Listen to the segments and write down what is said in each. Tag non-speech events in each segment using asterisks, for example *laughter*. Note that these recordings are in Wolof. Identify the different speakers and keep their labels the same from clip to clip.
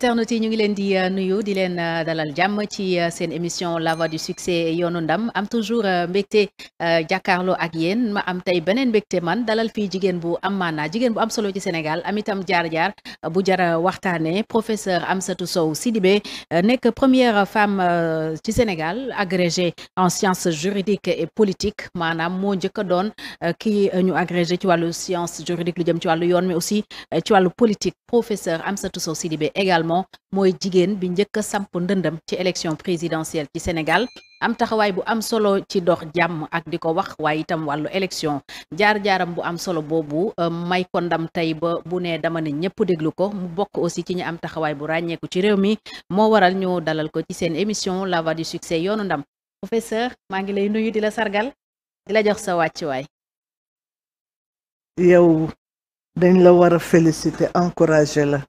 Speaker 1: internautes yi ñu ngi leen di euh, nuyu di leen euh, dalal jàmm ci euh, seen émission lava voix du succès yoonu ndam am toujours mbégte jàkkaarloo ak yéen ma am tey beneen mbégte man dalal fii jigéen bu am maanaa jigéen bu am solo ci Sénégal am itam jaar-jaar bu jara waxtaanee professeur am Amsatou Sow Sidibé nekk première femme ci Sénégal agrégée en sciences juridiques et politiques maanaam moo njëkk a doon ki ñu agrégé ci wàllu science juridique lu jëm ci wàllu yoon mais aussi ci wàllu politique professeur Amsatou Sow Sidibé également Camon mooy jigéen bi njëkk a samp ndëndam ci élection présidentielle ci Sénégal am taxawaay bu am solo ci dox jàmm ak di ko wax waaye itam wàllu élection jaar-jaaram bu am solo boobu euh, may ko ndam tey ba bu ne dama ne ñëpp déglu ko mu bokk aussi ci ñu am taxawaay bu ràññeeku ci réew mi moo waral ñu dalal ko ci seen émission la voie du succès yoonu ndam professeur maa ngi lay nuyu di la sargal dila jox sa wàccuwaay.
Speaker 2: yow dañ la war a encourager la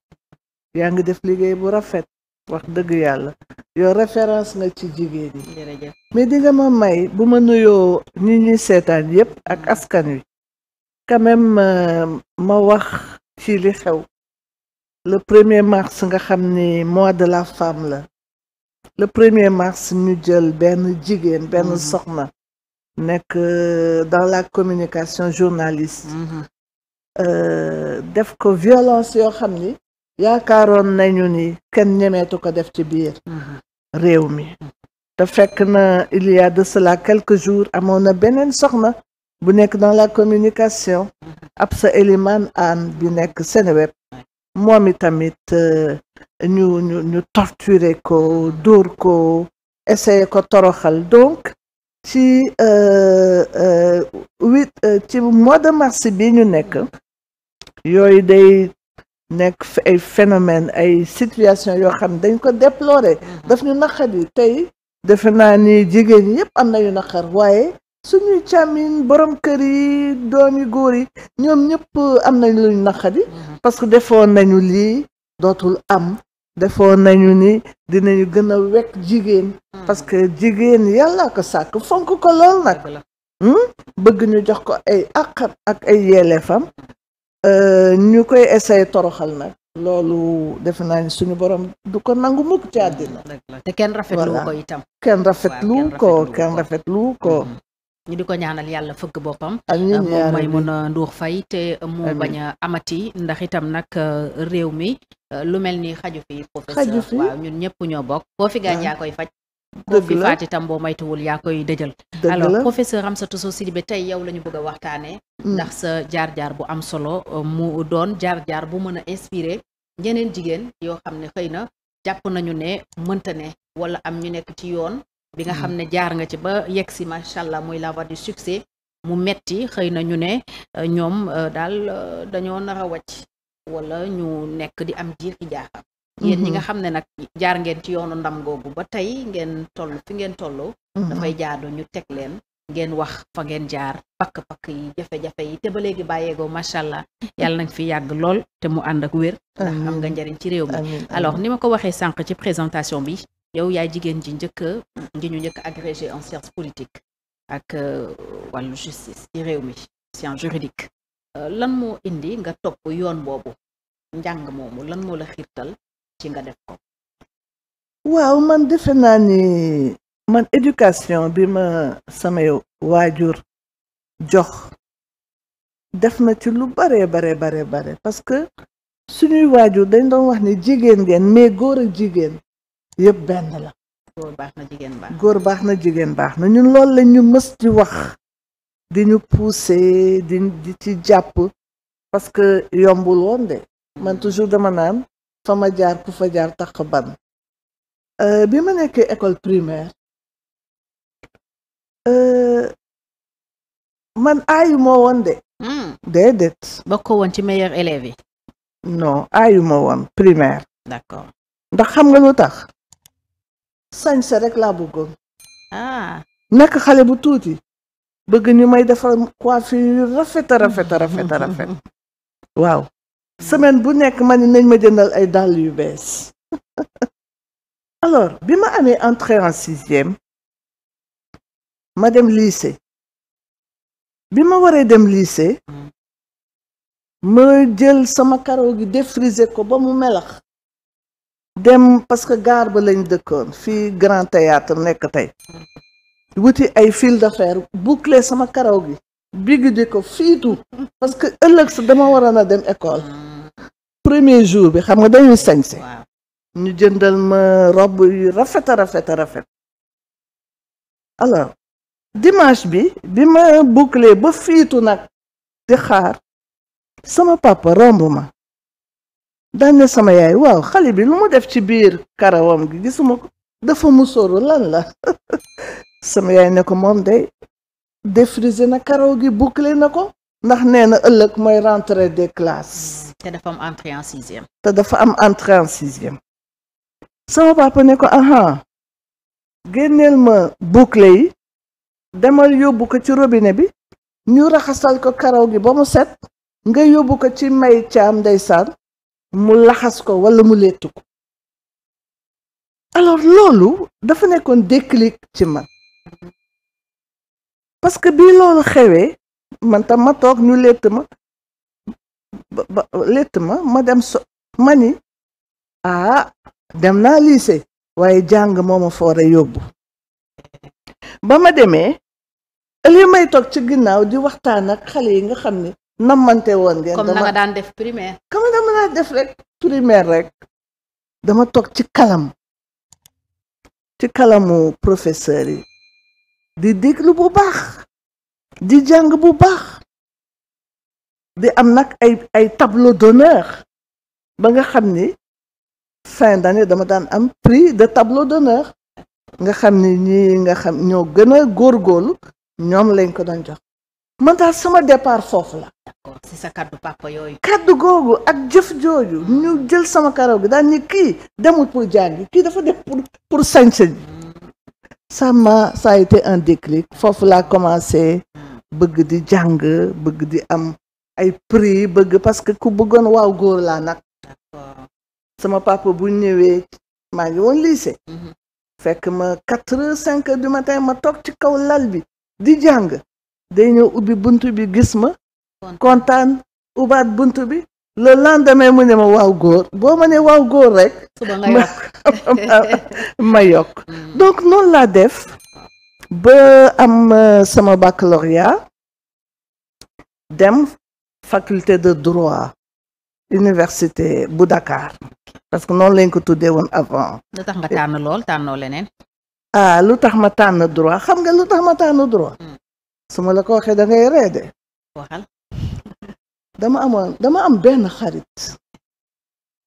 Speaker 2: yaa ngi def liggéey bu rafet wax dëgg yàlla yow référence nga ci jigéen yi mais di nga ma may bu ma nuyoo ñi ñuy seetaan yépp ak askan wi quand même euh, ma wax ci li xew le premier mars nga xam ni mois de la femme la le premier mars ñu jël benn jigéen benn mm-hmm. soxna nekk euh, dans la communication journaliste mm-hmm. euh, def ko violence yoo xam ni yaakaaroon nañu ni kenn ñemeetu ko def ci biir réew mi te fekk na il de cela quelque jours amoon na beneen soxna bu nekk dans la communication ab sa Eliman Anne bi nekk Seneweb moom itamit euh, ñu ñu ñu torturer ko dóor ko essayer ko toroxal donc ci euh, euh, huit mois de mars bi ñu nekk yooyu day nekk ay phénomène ay situation yoo xam ne dañ ko déplorer mm-hmm. daf ñu naqar yi tey defe naa ni jigéen ñi am na yu waaye suñuy càmmiñ borom kër yi doomi góor yi ñoom ñëpp am nañ luñ naqar yi mm-hmm. parce que defoon nañu lii dootul am defoon nañu ni dinañu gën a wekk jigéen mm-hmm. parce que jigéen yàlla ko sàkk fonk ko lool nag hmm? bëgg ñu jox ko ay àqam ak ay yelleefam Euh, ñu koy essayé toroxal nag loolu def naa ni suñu boroom du ko nangu mukk ci àddina te kenn rafet rafetlu ko itam kenn rafetlu ko kenn rafetlu ko mhm.
Speaker 1: ñu di ko ñaanal yàlla fëgg boppam euh, moom mooy mun a nduur fay te mu bañ a amati ndax itam nag euh, réew mi lu mel ni xaju fi professeur waaw ñun ñëpp ñoo bokk koo fi gaañ ah. yaa koy faj dëgg fi faat itam boo maytuwul yaa koy dëjal alors professeur Amsatou Sow Sidibé tey yow la ñu bëgg waxtaanee mm. ndax sa jaar-jaar bu am solo euh, mu doon jaar-jaar bu mën a inspiré ñeneen jigéen yoo xam ne xëy na jàpp nañu ne mënta ne wala am ñu nekk ci yoon bi nga mm. xam ne jaar nga ci ba yegg si macha allah muy la voie du succès mu metti xëy na ñu ne euh, ñoom euh, daal dañoo nar a wàcc wala ñu nekk di am jiixi jaaxam yéen ñi nga mm-hmm. xam ne nag jaar ngeen ci yoonu ndam googu ba tey ngeen toll fi ngeen toll. Mm-hmm. dafay jaadu ñu teg leen ngeen wax fa ngeen jaar pakk-pakk yi jafe-jafe yi te ba léegi bàyyeegoo macha allah yàlla nag fi yàgg lool te mu ànd ak wér. ndax am nga njëriñ ci réew mi. alors ni ma ko waxee sànq ci présentation bi yow yaay jigéen ji njëkk a ji ñu njëkk agrégé en science politique ak euh, wàllu justice ci réew mi science juridique euh, lan moo indi nga topp yoon boobu njàng moomu lan moo la xiirtal ci nga def
Speaker 2: waaw man defe naa ni man éducation bi ma samay waajur jox def na ci lu bare bare bare bare parce que suñuy waajur dañ doon wax ni jigéen ngeen mais góor ak jigéen yëpp benn la
Speaker 1: góor baax na jigéen baax
Speaker 2: góor baax na jigéen baax na ñun loolu la ñu mës di wax di ñu pousser di di ci jàpp parce que yombul woon de man toujours dama naan fa ma jaar ku fa jaar tax ban euh, bi ma nekkee école primaire euh, man aayu moo woon de hmm. déedéet bokkoo woon ci meilleur élève yi non aayu moo woon primaire ndax xam nga lu tax sañse rek laa bëggoon ah nekk xale bu tuuti bëgg ñu may defar coiffure rafet a rafet a rafet *laughs* waaw semaine bu nekk ma ni nañ ma jëndal ay dàll yu bees *laughs* alors bi ma amee entrée en sixième ma dem lycée bi ma waree dem lycée ma jël sama karaw gi défrisé ko ba mu melax dem parce que gaar ba lañ dëkkoon fii grand théâtre nekk tey wuti ay fil d'affaire boucler sama karaw gi bigg di ko fiitu parce que ëllëg sa dama waroon a dem école premier jour bi xam nga dañuy sañse ñu jëndal ma robe yu rafet a rafet a dimanche bi bi ma boucler ba fiitu nag di xaar sama papa romb ma daan na sama yaay waaw xale bi lu mu def ci biir karawam gi gisuma ko dafa musóoru lan la *laughs* sama yaay ne ko moom day défrisé na karaw gi boucler na ko ndax nee na ëllëg mooy rentrée de classes.
Speaker 1: te dafa am entrée en sixième.
Speaker 2: te dafa am entrée en sixième. sama papa ne ko aha génneel ma boucle yi demal yóbbu ko ci robinet bi ñu raxasal ko karaw gi ba mu set nga yóbbu ko ci may caam ndeysaan mu laxas ko wala mu léttu ko alors loolu dafa nekkoon déclic ci man parce que bi loolu xewee man ma toog ñu létt ma ma dem so ma ni ah dem na lycée waaye jàng moo ma foore yóbbu ba ma demee li may toog ci ginnaaw di waxtaan ak xale yi nga xam ni nammante woon ngeen. comme na nga daan
Speaker 1: def primaire.
Speaker 2: comme dama daan rek dama toog ci kalam ci kalamu professeur yi di déglu bu baax. di jàng bu baax di am nag ay ay tableau d'honneur ba nga xam ni fin d'année dama daan am prix de tableau d'honneur nga xam ni ñii nga xam ñoo gën a góorlu ñoom lañ ko daan jox man daal sama départ foofu la.
Speaker 1: d'accord ci sa
Speaker 2: yooyu. kaddu googu ak jëf jooju ñu jël sama karaw gi daan ni kii demul pour jàngi kii dafa def pour pour sañ-sañ. Mm. ça m'a été un déclic foofu laa commencé. bëgg di jàng bëgg di am ay prix bëgg parce que ku bëggoon waaw góor laa nag sama papa bu ñëwee maa ngi woon lycée mhm. fekk ma quatre heures cinq heures du matin ma toog ci kaw lal bi di jàng day ñëw ubbi bunt bi gis ma kontaan ubaat bunt bi le lendemain mu ne ma waaw góor boo ma ne waaw góor rek *laughs* ma yokk *laughs* mm. donc noonu laa def ba am euh, sama baccalauréat dem faculté de droit université bu Dakar parce que noonu lañ ko tuddee woon avant.
Speaker 1: lu tax nga tànn lool tànnoo leneen.
Speaker 2: ah lu tax ma tànn droit xam nga lu tax ma tànn droit. Hmm. su ma la ko waxee da ngay reede. dama am benn xarit.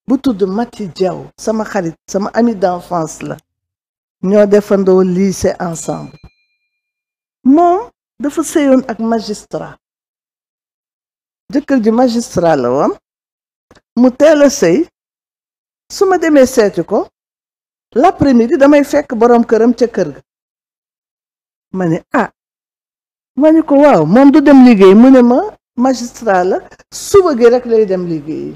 Speaker 2: bu tudd Mati Diaw sama xarit sama ami d'enfance la. ñoo defandoo lycée ensemble. moom dafa sëyoon ak magistrat jëkkër ji magistrat la woon mu teel a sëy su ma demee seeti ko l'après-midi damay fekk boroom këram ca kër ga ma ni ah ma ne ko waaw moom du dem liggéey mu ne ma magistrat la suba gi rek lay dem liggéey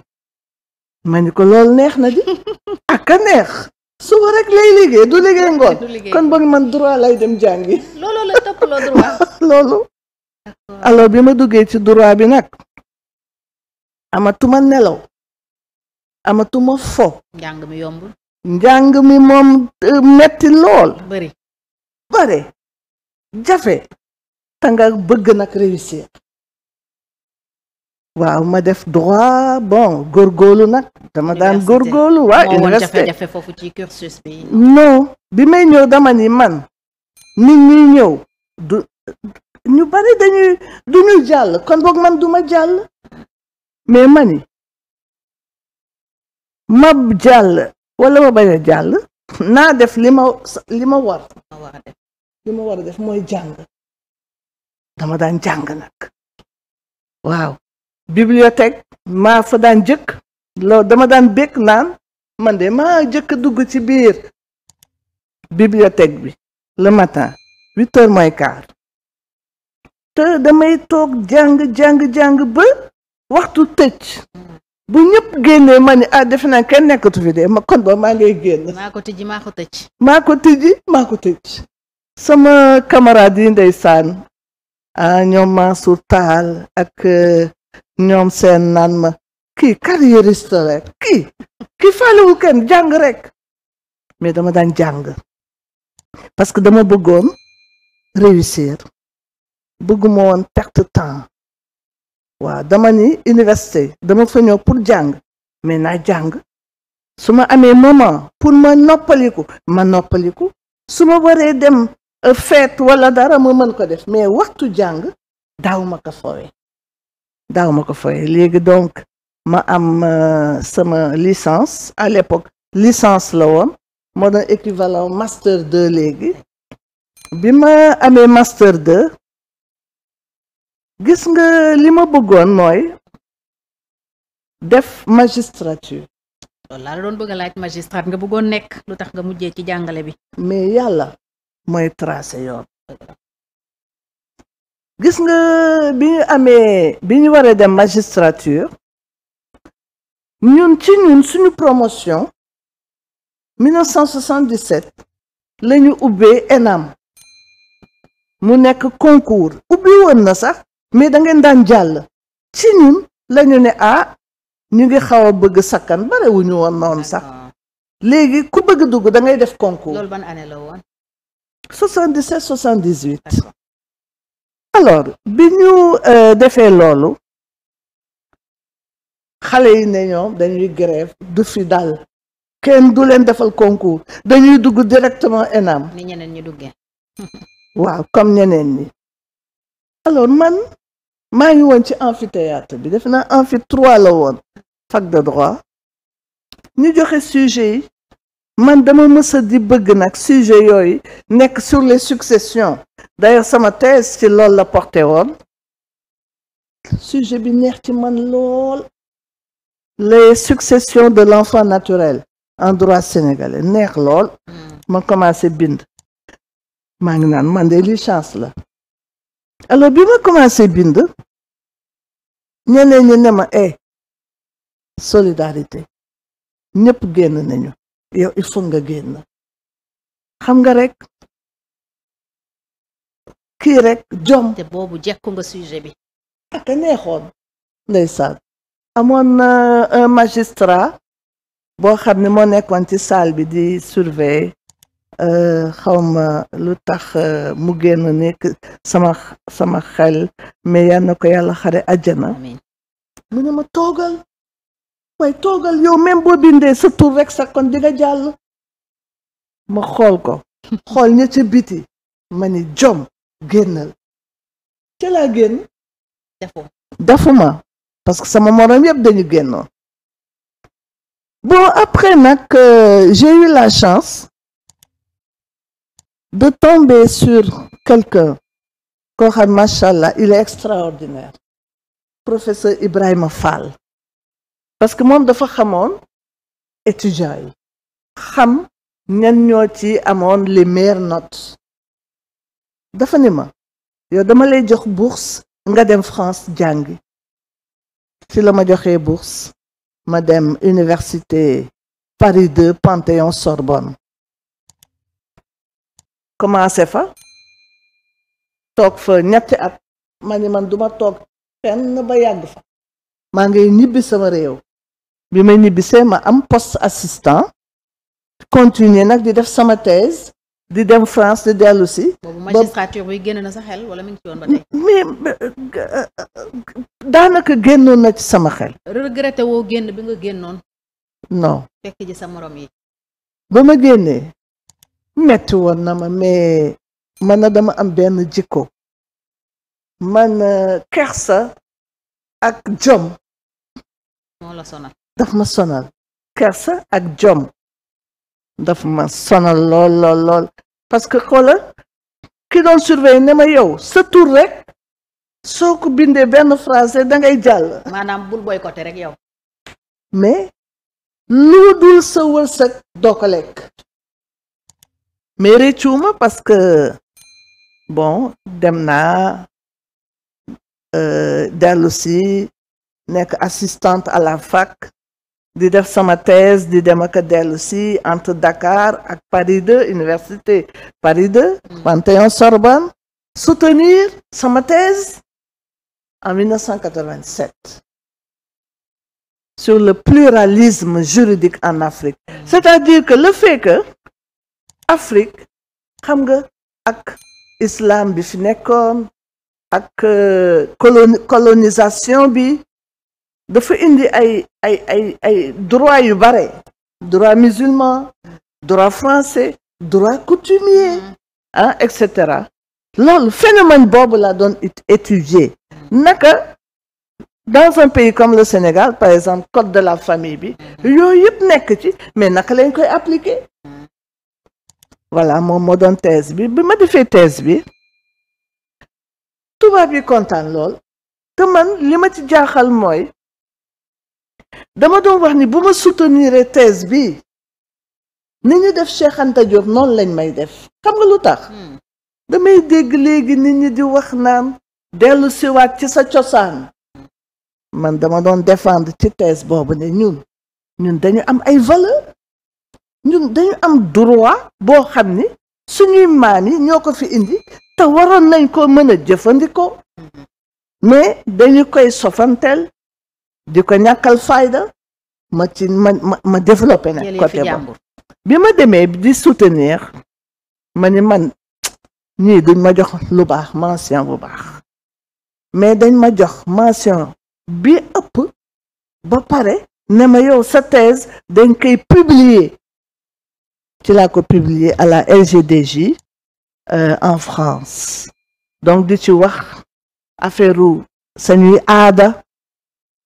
Speaker 2: ma ni ko lool neex na di *laughs* aka neex suba rek lay liggéey du liggéey ngoon kon boog man droit lay dem jàngi. loolu la *laughs* bi ma duggee ci droit bi nag amatuma nelaw amatuma fo.
Speaker 1: njàng mi yombul.
Speaker 2: njàng mi moom euh, metti lool. bëri bëri jafe. te bëgg nag réussir. waaw ma def droit bon góorgóorlu nag dama daan góorgóorlu waaw université jafe-jafe foofu ci cursus bi non bi may ñëw dama ni man nit ñi ñëw du ñu bari dañuy du ñu jàll kon boog man duma jàll mais mani ma jàll wala ma bañ jàll naa def li ma li ma war li ma war def mooy jàng dama daan jàng nag waaw bibliothèque maa fa daan jëkk loolu dama daan békk naan man de maa jëkk dugg ci biir bibliothèque bi le matin huit heures moins quart te damay toog jàng jàng jàng ba waxtu tëj bu ñëpp génnee ma ni ah defe naa kenn nekkatu fi de ma kon ba maa ngay génn.
Speaker 1: maa ko tijji maa ko tëj.
Speaker 2: maa ko tijji maa ko tëj. sama camarade yi ndeysaan ah ñoom Mansour Taal ak. Euh, ñoom seen naan ma kii carriériste rek kii kii faalewul kenn jàng rek mais dama daan jàng parce que dama bëggoon réussir bëgguma woon perte temps waaw dama ni université dama fa ñëw pour jàng mais naa jàng su ma amee moment pour ma noppaliku ma noppaliku su ma waree dem euh, feet wala dara ma mën ko def mais waxtu jàng daaw ma ko fowe daaw ma ko fay léegi donc ma am euh, sama licence à l'époque licence la woon moo doon équivalent master 2 léegi bi ma amee master 2 gis nga li ma bëggoon mooy def magistrature
Speaker 1: loolu laa la doon bëgg a laaj magistrat nga bëggoon nekk lu tax nga mujjee ci jàngale bi
Speaker 2: mais yàlla mooy tracé yoon gis nga bi ñu amee bi ñu waree dem magistrature ñun ci ñun suñu promotion 1977 la ñu ubbee ENAM mu nekk concours ubbi woon na sax mais da ngeen daan jàll ci ñun la ne ah ñu ngi xaw a bëgg sakkan barewuñu woon noonu sax léegi ku bëgg dugg da def concours loolu
Speaker 1: ban année la woon
Speaker 2: 77 alors bi ñu euh, defee loolu xale yi ne ñoom dañuy grève du fi daal kenn du leen defal concours dañuy dugg directement ENAM
Speaker 1: ni ñeneen ñi duggee
Speaker 2: *laughs* waaw comme ñeneen ñi alors man maa ngi woon ci amphithéâtre bi def naa amphi trois la woon fac de droit ñu joxe sujet yi man dama mës di bëgg nag sujet yooyu nekk sur les successions d'ailleurs sama thèse si loolu la porté woon sujet bi neex ci man lool les successions de l'enfant naturel en droit sénégalais neex lool hmm. ma commencé bind maa ngi naan man de li chance la alors bi ma commencé bind ñeneen ñi ne ma eh solidarité ñëpp génn nañu yow il faut nga génn xam nga rekk kii
Speaker 1: rek jom. te boobu jekku nga sujet bi.
Speaker 2: ah te neexoon. amoon na euh, un magistrat boo xam ne moo nekkoon ci salle bi di surveiller euh, xawma lu tax euh, mu génn nekk sama sama xel mais yal na ko yàlla xare àjjana. mu ne ma toogal. waaye toogal yow même boo bindee sa tur rek sa kon di nga jàll ma xool ko xool ña ci biti ma ni jom génnal ca laa génn dafuma parce que sama moroom yëpp dañu génnoon bon après nag euh, j'ai eu la chance de tomber sur quelqu'un koo xam machallah il est extraordinaire professeur Ibrahima Fall parce que moom dafa xamoon étudiants yi xam ñan ñoo ci amoon les meilleures notes dafa ni ma yow dama lay jox bourse nga dem France jàngi ci la ma joxee bourse ma dem université Paris 2 Panthéon Sorbonne commencé fa toog fa ñetti at ma ni man duma toog fenn ba yàgg fa maa ngi ñibbi sama réew bi ma ñibbisee ma am post assistant continuer nag di def sama thèse di dem France di dellu si. boobu magistrature
Speaker 1: bi génn na sa xel
Speaker 2: wala mi ngi ci woon ba tey. mais génnoon na ci sama xel.
Speaker 1: regretté woo génn bi nga génnoon. non fekk ji sa moroom yi.
Speaker 2: ba ma génnee metti woon na ma mais man na dama am benn jikko man kersa ak jom. moo la sonal. daf ma sonal kersa ak jom daf ma sonal lool lool parce que xoolal ki doon surveiller ne ma yow sa tur rek soo ko bindee benn français da ngay jàll.
Speaker 1: maanaam bul boycotté rek yow.
Speaker 2: mais lu dul sa wërsëg doo ko lekk mais réccuuma parce que bon dem naa euh, dellu si nekk assistante à la fac. di def sama thèse dem ak a si entre Dakar ak Paris 2 université Paris 2 Panthéon Sorbonne soutenir sama thèse en 1987 sur le pluralisme juridique en Afrique c'est-à-dire que le fait que Afrique xam nga ak islam bi fi nekkoon ak euh, colonisation bi dafa indi ay ay ay ay droit yu bare droit musulman droit français droit coutumier ah cetera loolu phénomène boobu la doon étudier naka dans un pays comme le Sénégal par exemple code de la famille bi yooyu yëpp nekk ci mais naka lañ koy appliquer voilà moo doon thèse bi bi ma defee thèse bi tubaab yi kontaan lool te man li ma ci jaaxal mooy dama doon wax ni bu ma soutenir thèse bi ni ñu def Cheikh Anta noonu lañ may def xam nga lu tax hmm. damay dégg léegi nit ñi di wax naan dellu siwaat ci sa cosaan man dama doon défendre ci thèse boobu ne ñun ñun dañu am ay valeur ñun dañu am droit boo xam ni suñuy maam yi ñoo ko fi indi te waroon nañ ko mën a jëfandikoo hmm. mais dañu koy sofanteel di ko ñàkkal fayda ma ci ma ma ma développé nag côté boobu bi ma demee di soutenir ma ni man nii duñ ma jox lu baax mention bu baax mais dañ ma jox mention bi ëpp ba pare ne ma yow sa thèse dañ koy publier ci laa ko publier à la LGDJ euh, en France donc di ci wax affaire u sañuy aada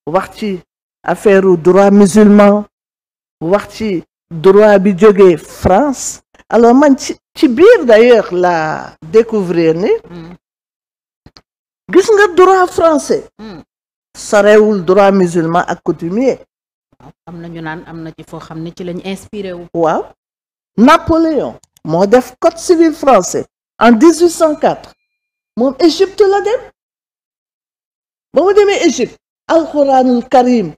Speaker 2: wax ci affaire droit musulman wax ci droit bi jógee France alors man ci biir d'ailleurs la découvrir ni hmm. gis nga droit français hmm. sorewul droit musulman ak coutumier
Speaker 1: am nañu naan am na ci foo xam ne ci lañu inspiré wu
Speaker 2: waaw Napoléon moo def code civil français en 1804 moom Égypte la dem ba mu demee Égypte alxuraanul karim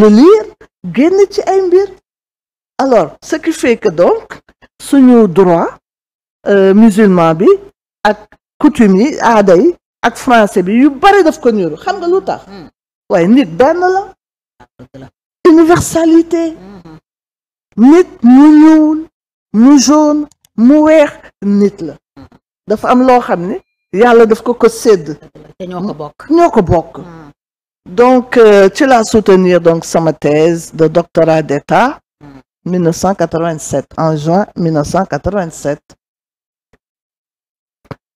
Speaker 2: le lire génn ci ay mbir alors ce qui fait suñu droit euh, musulman bi ak coutume yi aada yi ak français bi yu bari daf ko niiru xam nga lu tax hmm. waaye nit benn la universalité hmm. nit mu ñuul mu weex nit la hmm. dafa am loo xam ne yàlla daf ko ko sédd ñoo ko bokk donc euh, ci laa soutenir donc sama thèse de doctorat d'État 1987 mm. en juin 1987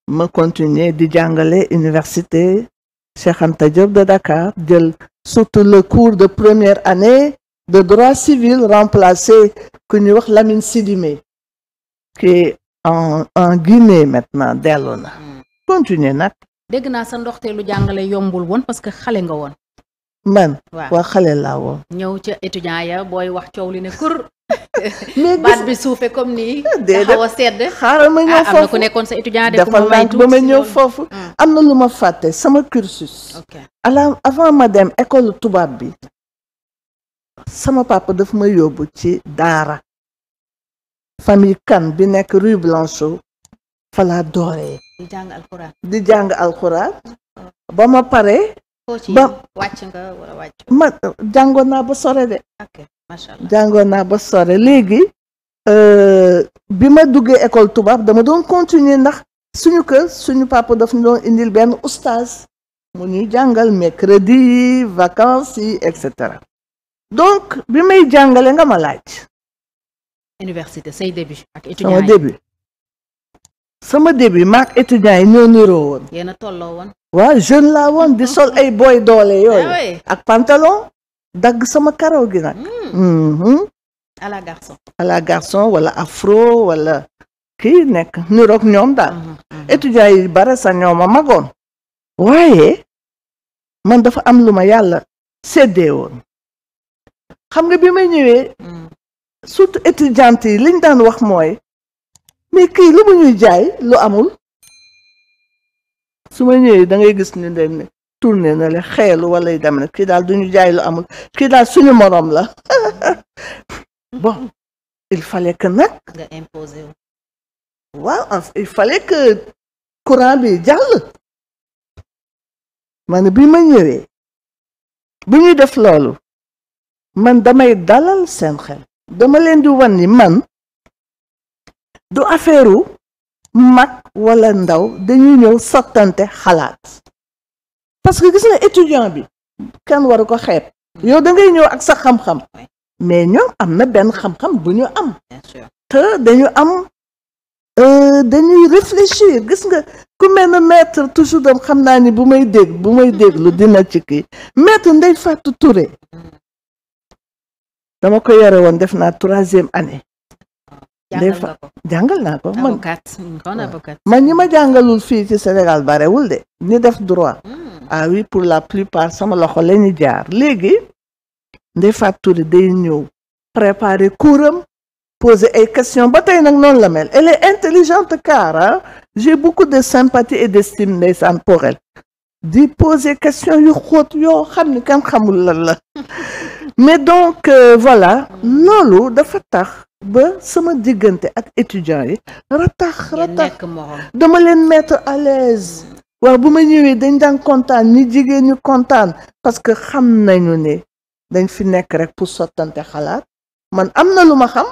Speaker 2: ma continuer di jàngale université Cheikh Anta de Dakar jël surtout le cours de première année de droit civil remplacé ku ñuy wax Lamine Sidimé qui est en en Guinée maintenant dellu na mm. continuer nag.
Speaker 1: dégg naa sa ndoxteelu jàngale yombul woon parce que xale nga woon.
Speaker 2: man waaw xale laa woon
Speaker 1: ñëw ca étudiant ya booy wax coow li ne kur *laughs*
Speaker 2: mais baat bi suufe comme nii
Speaker 1: xaw a sedd xaaral ma ñëw foofu ah, am na ku nekkoon sa étudiant ma ñëw
Speaker 2: foofu ah. am na lu ma fàtte sama cursus ala avant ma dem école tubaab bi sama papa daf ma yóbbu ci daara famille kan bi nekk rue Blanchot fa dooree di jàng alxuraan di oh. ba ma pare ba
Speaker 1: wàcc nga wala wàcc
Speaker 2: ma jàngoon naa ba sore de. ok jàngoon naa ba sore léegi euh, bi ma duggee école tubaab dama doon continuer ndax suñu kër suñu papa daf ñu doon indil benn oustaz mu ñuy jàngal mercredi yi vacances yi et cetera donc bi may jàngale nga ma laaj.
Speaker 1: université say début ak étudiants yi sama début
Speaker 2: sama début maak étudiants yi ñoo niroo woon. yéen a tolloo woon. waaw jeune laa woon di sol ay eh, booy doole yooyu eh, ak pantalon dagg sama karaw gi nag à mm. mm-hmm. la wala afro wala kii nekk niroog ñoom daal mm-hmm, mm-hmm. étudiants yi bare sa ñoom a magoon waaye eh? man dafa am lu ma yàlla séddee woon xam nga bi may ñëwee mm. surtout étudiante yi liñ daan wax mooy mais kii lu mu ñuy jaay lu amul su ma ñëwee dangay gis ni leen ne na le xeelu wala yu dem na kii daal duñu jaay lu amul kii daal suñu moroom la *laughs* bon il fallait que nag nga imposé waaw il fallait que courant bi jàll man bi ma ñëwee bu ñuy def loolu man damay dalal seen xel dama leen di wan ni man du affaire mag walla ndaw dañuy ñëw sottante xalaat parce que gis na étudiant bi kenn waru ko xeeb yow da ngay ñëw ak sax xam-xam mais ñoom am na benn xam-xam bu ñu am te dañu am euh, dañuy réfléchir gis nga ku mel ne maître toujours dam xam naa ni bu may dégg bu may déglu dina ci kii maître Ndeye Fatou Touré mm. dama ko yore woon def naa troisième année des naa ko man man ñi ma jàngalul fii ci Sénégal barewul de ñi def droit hmm. ah oui pour la plupart sama loxo la ñu jaar léegi Ndeye Fatou Touré day ñëw préparer couram poser ay questions ba tey nag noonu la mel elle est intelligente car ah j'ai beaucoup de sympathie et d'estime ndeysaan pour elle di poser question yu xóot yoo xam ni kan xamul lan la *laughs* mais donc euh, voilà hmm. loolu dafa tax ba sama diggante ak étudiants yi ratax ratax dama leen mettre à l'aise waaw bu ma ñëwee dañ daan kontaan ñi jigéen ñu kontaan parce que xam nañu ni dañ fi nekk rek pour sottante xalaat man am na lu ma xam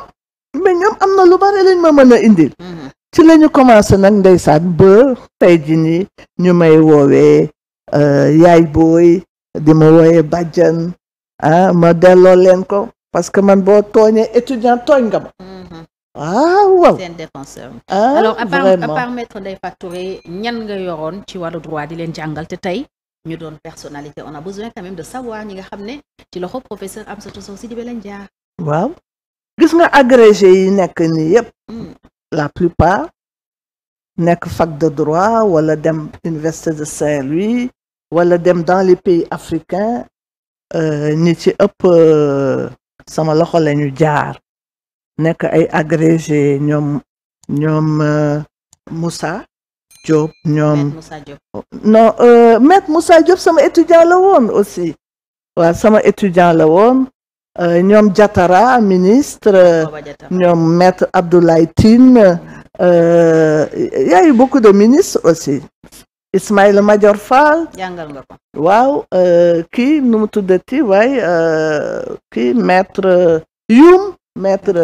Speaker 2: mais ñoom am na lu bari lañ ma mën a indil mhm. ci lañu commencé nag ndeysaan ba tey ji ni ñu may woowee euh, yaay booy di ma woowee bàjjan ah, ma delloo leen ko parce que man boo tooñee étudiant tooñ nga ma. Mm-hmm. ah waaw seen
Speaker 1: ah, part à part maître ñan nga yoroon ci wàllu droit di leen jàngal te tey ñu doon personnalité on a besoin quand même de savoir ñi nga xam ne ci loxo professeur Amsatou Sow Sidibé lañ jaar.
Speaker 2: waaw gis nga agrégé yi nekk nii yépp mm. la plupart nekk fac de droit wala dem université de Saint-Louis wala dem dans les pays africains euh, ñi ci ëpp. Euh, sama loxo lañu jaar nekk ay agrégé ñoom ñoom euh, Moussa ñoom non euh, maître Moussa Diop sama étudiant la woon aussi waa sama étudiant la woon euh, ñoom Diatara ministre ñoom maître Abdoulaye Tine il y eu beaucoup de ministres aussi Ismaïla Madior Fall. jàngal nga ko. waaw euh, kii nu mu tuddati waaye euh, kii maître Youm. maître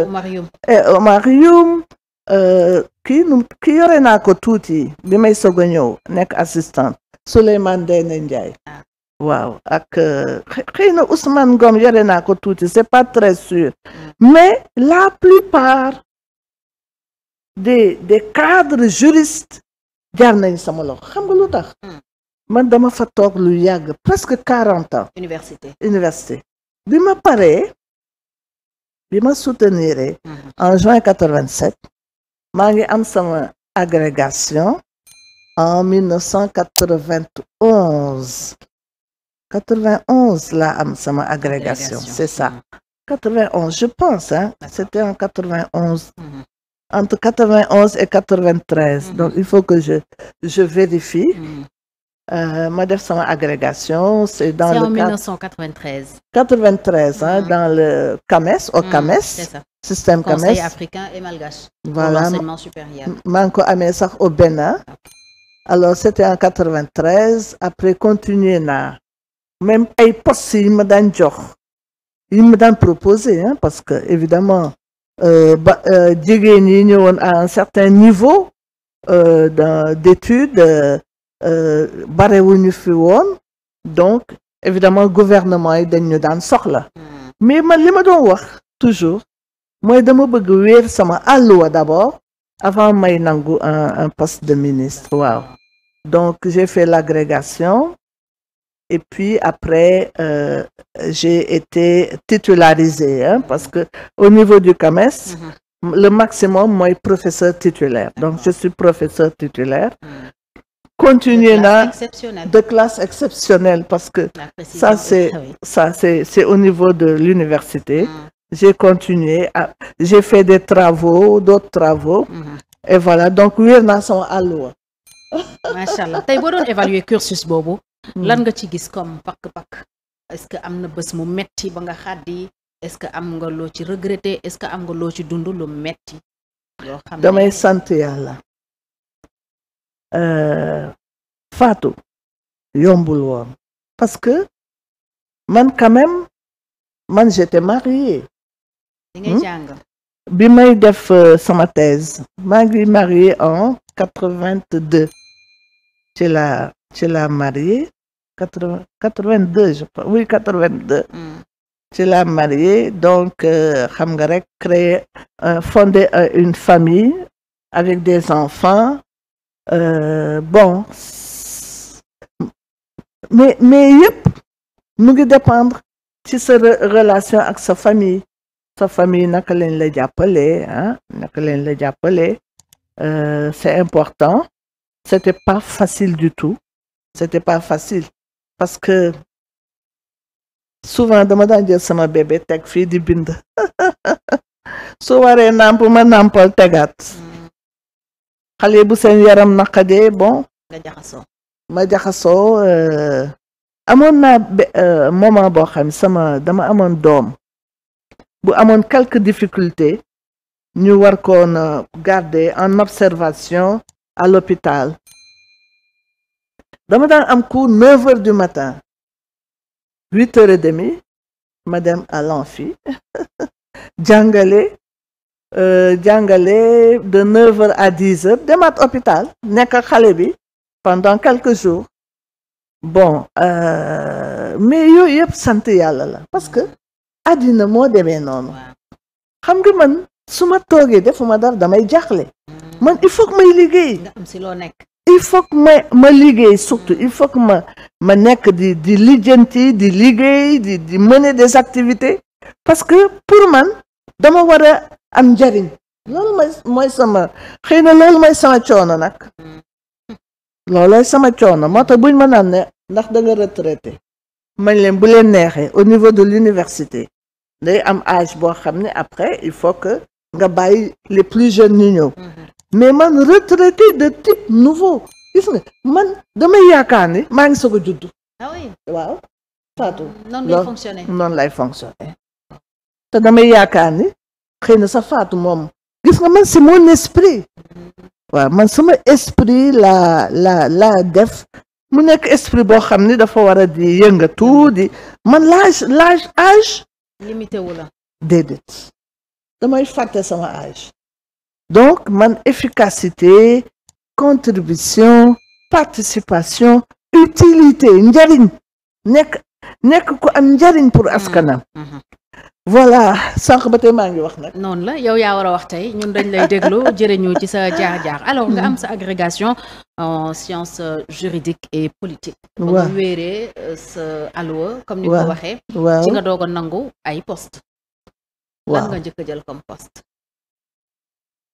Speaker 2: Omar Youm eh, euh, kii nu kii yore naa ko tuuti bi may soog a ñëw nekk assistant Souleymane Ndéné Ndiaye. Ah. waaw ak xëy na Ousmane Ngom yore naa ko tuuti c'est pas très sûr mm. mais la plupart des des cadres jaar nañ sama loxo xam lu tax. Hmm. man dama fa toog lu yàgg presque quarante ans. université université bi ma paree bi ma soutenir hmm. en juin quatre vingt maa ngi am sama agrégation en mille neuf cent quatre-vingt-onze quatre vingt am sama agrégation c'est ça hmm. quatre-vingt-onze je pense c'était en entre 91 et 93 donc il faut que je vérifie ma mhm. euh, def sama agrégation c'est dans le en
Speaker 1: 1993
Speaker 2: 93 hein mhm. dans le CAMES au mhm, CAMES système CAMES et malgache voilà l'enseignement supérieur maa ngi ko amee sax au Bénin alors c'était en après continuer naa même ay postes yi ma daan jox yi ma daan parce que évidemment Euh, ba euh, jigéen yi ñëwoon à un certain niveau euh, d'études barewuñu fi woon donc évidemment gouvernement yi dañ ñu daan soxla hmm. mais man li ma doon wax toujours mooy dama bëgg wéer sama àlluwa d'abord avant may nangu un un poste de ministre waaw donc j'ai fait l'agrégation Et puis après, euh, j'ai été titularisée, parce que au niveau du CAMES, mm -hmm. le maximum, moi, professeur titulaire. Donc, je suis professeur titulaire. Mm. Continuer là, de classe exceptionnelle, parce que ça, c'est ça c'est au niveau de l'université. Mm. J'ai continué, j'ai fait des travaux, d'autres travaux. Mm-hmm. Et voilà, donc, oui, nous sommes à l'eau.
Speaker 1: Machallah. cursus, Bobo Mm. lan nga ci gis comme pakk-pakk est que am na bés mu metti ba nga xàddi est-ce que am nga loo ci regretter est-ce que am nga loo ci dundu lu metti yoo
Speaker 2: damay sant yàlla euh, yombul woon parce que man quand même man j'étais mariée
Speaker 1: di hmm?
Speaker 2: bi may def euh, sama thèse maa ngi mariée en ci la ci la mariée 80, 82 je pense oui 82. ci la mariée donc euh, xam nga rek créer euh, fonder euh, une famille avec des enfants euh, bon mais mais ngi dépendre ci sa ak sa famille sa famille naka leen la jàppale ah naka leen la jàppale c'est important c'était pas facile du tout c'était pas facile parce que souvent dama daan jël sama bébé teg fii di bind *laughs* su waree nàmp ma nàmpal tegaat mm. xale bu seen yaram naqadee bon ma jaxasoo euh, amoon naa euh, moment boo xam sama dama amoon doom bu amoon quelques difficultés ñu war koon euh, garder en observation à l'hôpital dama daan am cours neuf heures du matin huit heures et demie ma dem à l'amphi jàngale euh, jàngale de neuf à dix heures demaat hôpital nekk xale bi pendant quelques jours bon euh, mais yooyu yëpp sant yàlla la parce que addina moo demee noonu xam nga man su ma toogee defuma dara damay jaaxle man il faut que may liggéey. si loo nekk. il faut que ma ma liggéey surtout il faut que ma ma nekk di di lijjanti di liggéey di di mener des activités parce que pour man dama war a am njariñ loolu mooy sama xëy na loolu mooy sama coono nag loolooy sama coono moo tax buñ ma naan ne ndax da nga retraité mañ leen bu leen neexee au niveau de l'université day am age boo xam ne après il faut que nga bàyyi les plus jeunes ñu ñëw mm-hmm. mais man retraité de type nouveau gis nga man damay yaakaar ni maa ngi soog a juddu.
Speaker 1: Ah waaw. Fatou noonu
Speaker 2: noonu lay fonctionné te damay yaakaar ni xëy na sa Fatou moom gis nga man c'est mon esprit waaw man sama esprit la la la def mu nekk esprit boo xam ni dafa war a di yëngatu di man l'âge l'âge âge limité la déedéet damay fàtte sama âge donc man efficacité contribution participation utilité njariñ nekk nekk ko am njariñ pour mm-hmm. askanam mm-hmm. voilà sànq ba tey maa ngi wax nag.
Speaker 1: noonu la yow yaa war a wax tey ñun dañ lay déglu *laughs* jëriñu ci sa jaar-jaar alors nga am mm-hmm. sa agrégation en sciences euh, et politiques. waaw ba euh, sa alluwa. comme ni ko waxee. ci nga doog a nangu ay post waaw nga njëkk jël comme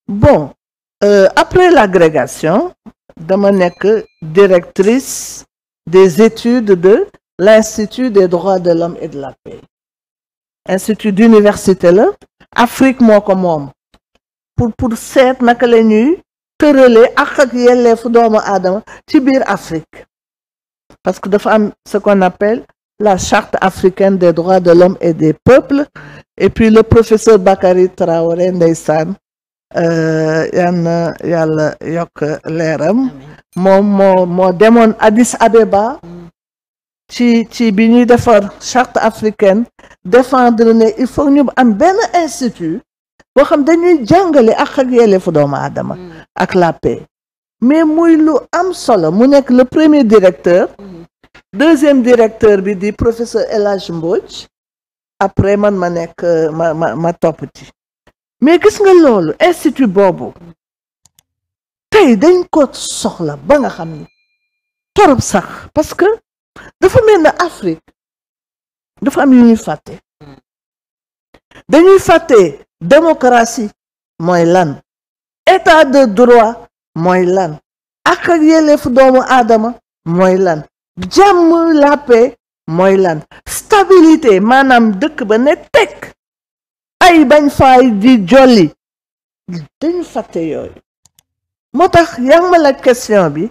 Speaker 2: bon euh, après l'agrégation dama nekk directrice des études de l'Institut des droits de l'homme et de la paix institut d'université la Afrique moo ko moom pour pour seet naka la ñuy tëralee ak ak yelleefu doomu aadama ci biir Afrique parce que dafa am ce qu'on appelle la charte africaine des droits de l'homme et des peuples et puis le professeur Bakary Traoré ndeysaan Eh, yan yàlla yokk leeram moom moo moo demoon Addis Abeba ci ci bi ñuy defar charte africaine défendre ne il faut ñu am benn institut boo xam dañuy jàngale ak ak yelleefu doomu aadama mm. ak la paix mais muy lu am solo mu nekk la premier directeur mm. deuxième directeur bi di professeur El Hadj Mbodj après man ma nekk ma ma ma topp ci mais gis nga loolu institut boobu tey dañ ko soxla ba nga xam ni torop sax parce que dafa mel ne Afrique dafa am yu ñuy fàtte dañuy fàtte démocratie mooy lan état de droit mooy lan ak ak yelleefu doomu aadama mooy lan jàmm la mooy lan stabilité maanaam dëkk ba ne tekk yi bañ faay di jolli dañu fàtte yooyu moo tax yaa ngi question bi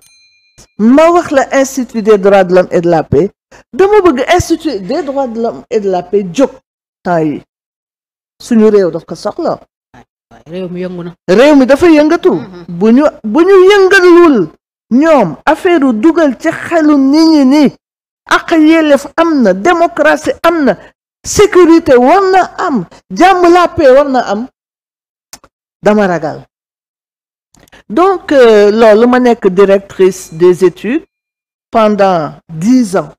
Speaker 2: ma wax la institut des droits de l'homme et de la dama bëgg institut des droits de l'homme et de la jóg temps yi suñu réew daf ko soxla réew mi dafa yëngatu mm-hmm. bu ñu yëngalul ñoom affaire dugal ci xelu nit ñi ni ak yelleef am na démocratie am na sécurité war am jàmm la paix war na am dama donc euh, loolu ma nekk directrice des études pendant dix ans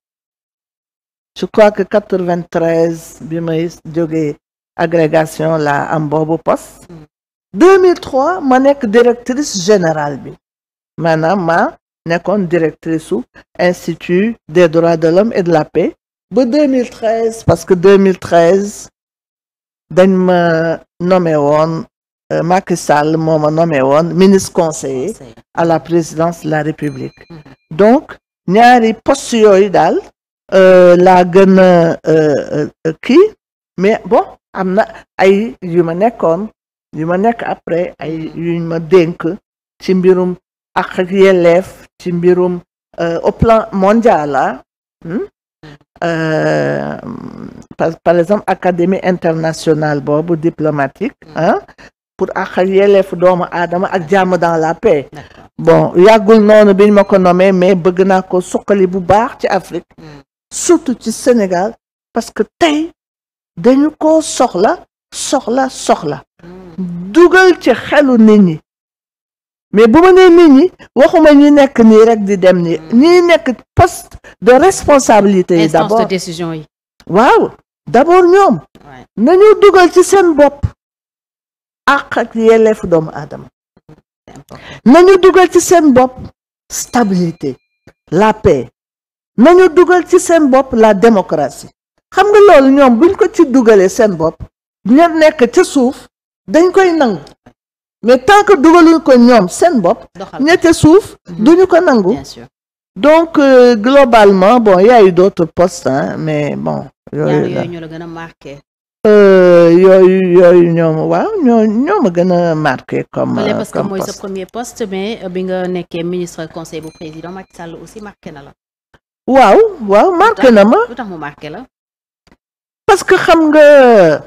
Speaker 2: je crois que quatre-vingt-treize bi may jógee agrégation la am boobu poste 2003 ma nekk directrice générale bi maanaam ma nekkoon directrice su institut des droits de l'homme et de la paix ba 2013 parce que 2013 dañ ma nommé woon euh, Macky Sall moo ma nommé woon ministre conseiller Conseil. à la présidence de la République mm-hmm. donc ñaari poste yooyu daal euh, gën euh, euh, kii mais bon am na ay yu ma nekkoon yu ma nekk après ay yu ma dénk ci mbirum ak ci mbirum euh, au plan mondial la ah, hmm? Euh, par par exemple académie internationale boobu diplomatique mm. pour ak yelleefu doomu aadama ak jàmm dans la paix bon yàggul noonu biñ ma ko mais bëgg naa ko suqali bu baax ci Afrique mm. surtout ci Sénégal parce que tey dañu ko soxla soxla soxla mm. dugal ci xelu nit ñi mais bu ma nee nit ñi waxuma ñi nekk nii rek di dem nii hmm. ñi nekk poste de responsabilité yi d'abord instance yi waaw d'abord ñoom nañu dugal ci seen bopp àq ak doomu aadama nañu dugal ci seen bopp stabilité la paix nañu dugal ci seen bopp la démocratie xam nga loolu ñoom buñ ko ci dugalee seen bopp ña nekk ca suuf dañ koy nang mais tant que dugaluñ ko ñoom seen bopp ñette suuf mhm. duñu ko nangu donc euh, globalement bon y a eu d'autres postes mais bon yooyu ñoo
Speaker 1: la gën a marqué
Speaker 2: euh, yooyu yooyu ñoom waaw ñoo ñoo gën a marqué comme euh, comme que mooy sa
Speaker 1: premier poste mais euh, bi nga nekkee ministre conseil bu président Macky Sall aussi marqué na la
Speaker 2: waaw waaw marqué na ma la parce que xam nga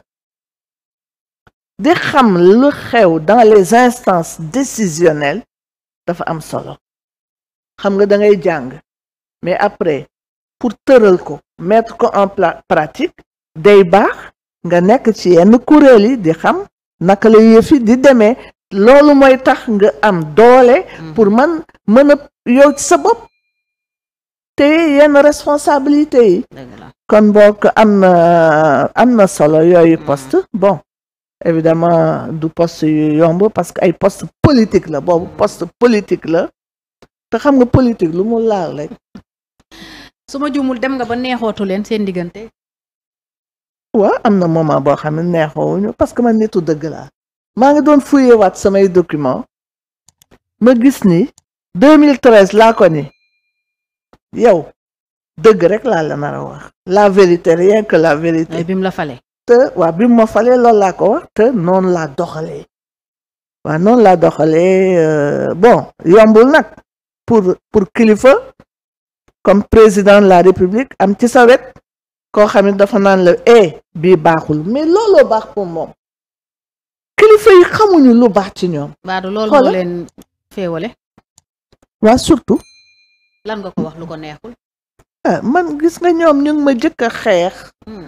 Speaker 2: di xam lu xew dans les instances décisionnelles dafa am solo xam nga da ngay jàng mais après pour tëral ko mettre ko en pratique day baax nga nekk ci yenn kuréel yi di xam naka la yëfi di demee loolu mooy tax nga am doole mm. pour man mën a yow ci sa bopp te yenn responsabilité yi kon bokk am na am na solo yooyu mm. poste bon évidemment du post yomb parce que ay post politique la boobu poste politique la te xam nga politique lu mu laal rek.
Speaker 1: su ma jumul dem nga ba neexootu leen seen diggante.
Speaker 2: waa am na moment boo xam ne neexoowuñu parce que man nitu dëgg laa. maa ngi doon fuyewaat samay document ma gis ni 2013 laa ko ni yow dëgg rek laa la nar a wax. la vérité rien que la vérité. bi la fale. te waa bi mu ma falee loolu laa ko wax te noonu laa doxalee waa noonu laa doxalee euh, bon yombul nag pour pour kilifa comme président la république am ci sa wet koo xam ne dafa naan la eh, bi baaxul mais looloo baax pour moom kilifa yi xamuñu lu baax ci ñoom.
Speaker 1: waa du loolu moo leen
Speaker 2: féewale. waa surtout.
Speaker 1: lan nga ko wax lu ko neexul.
Speaker 2: Ah, man gis nga ñoom ñu ngi ma jëkk a xeex. Hmm.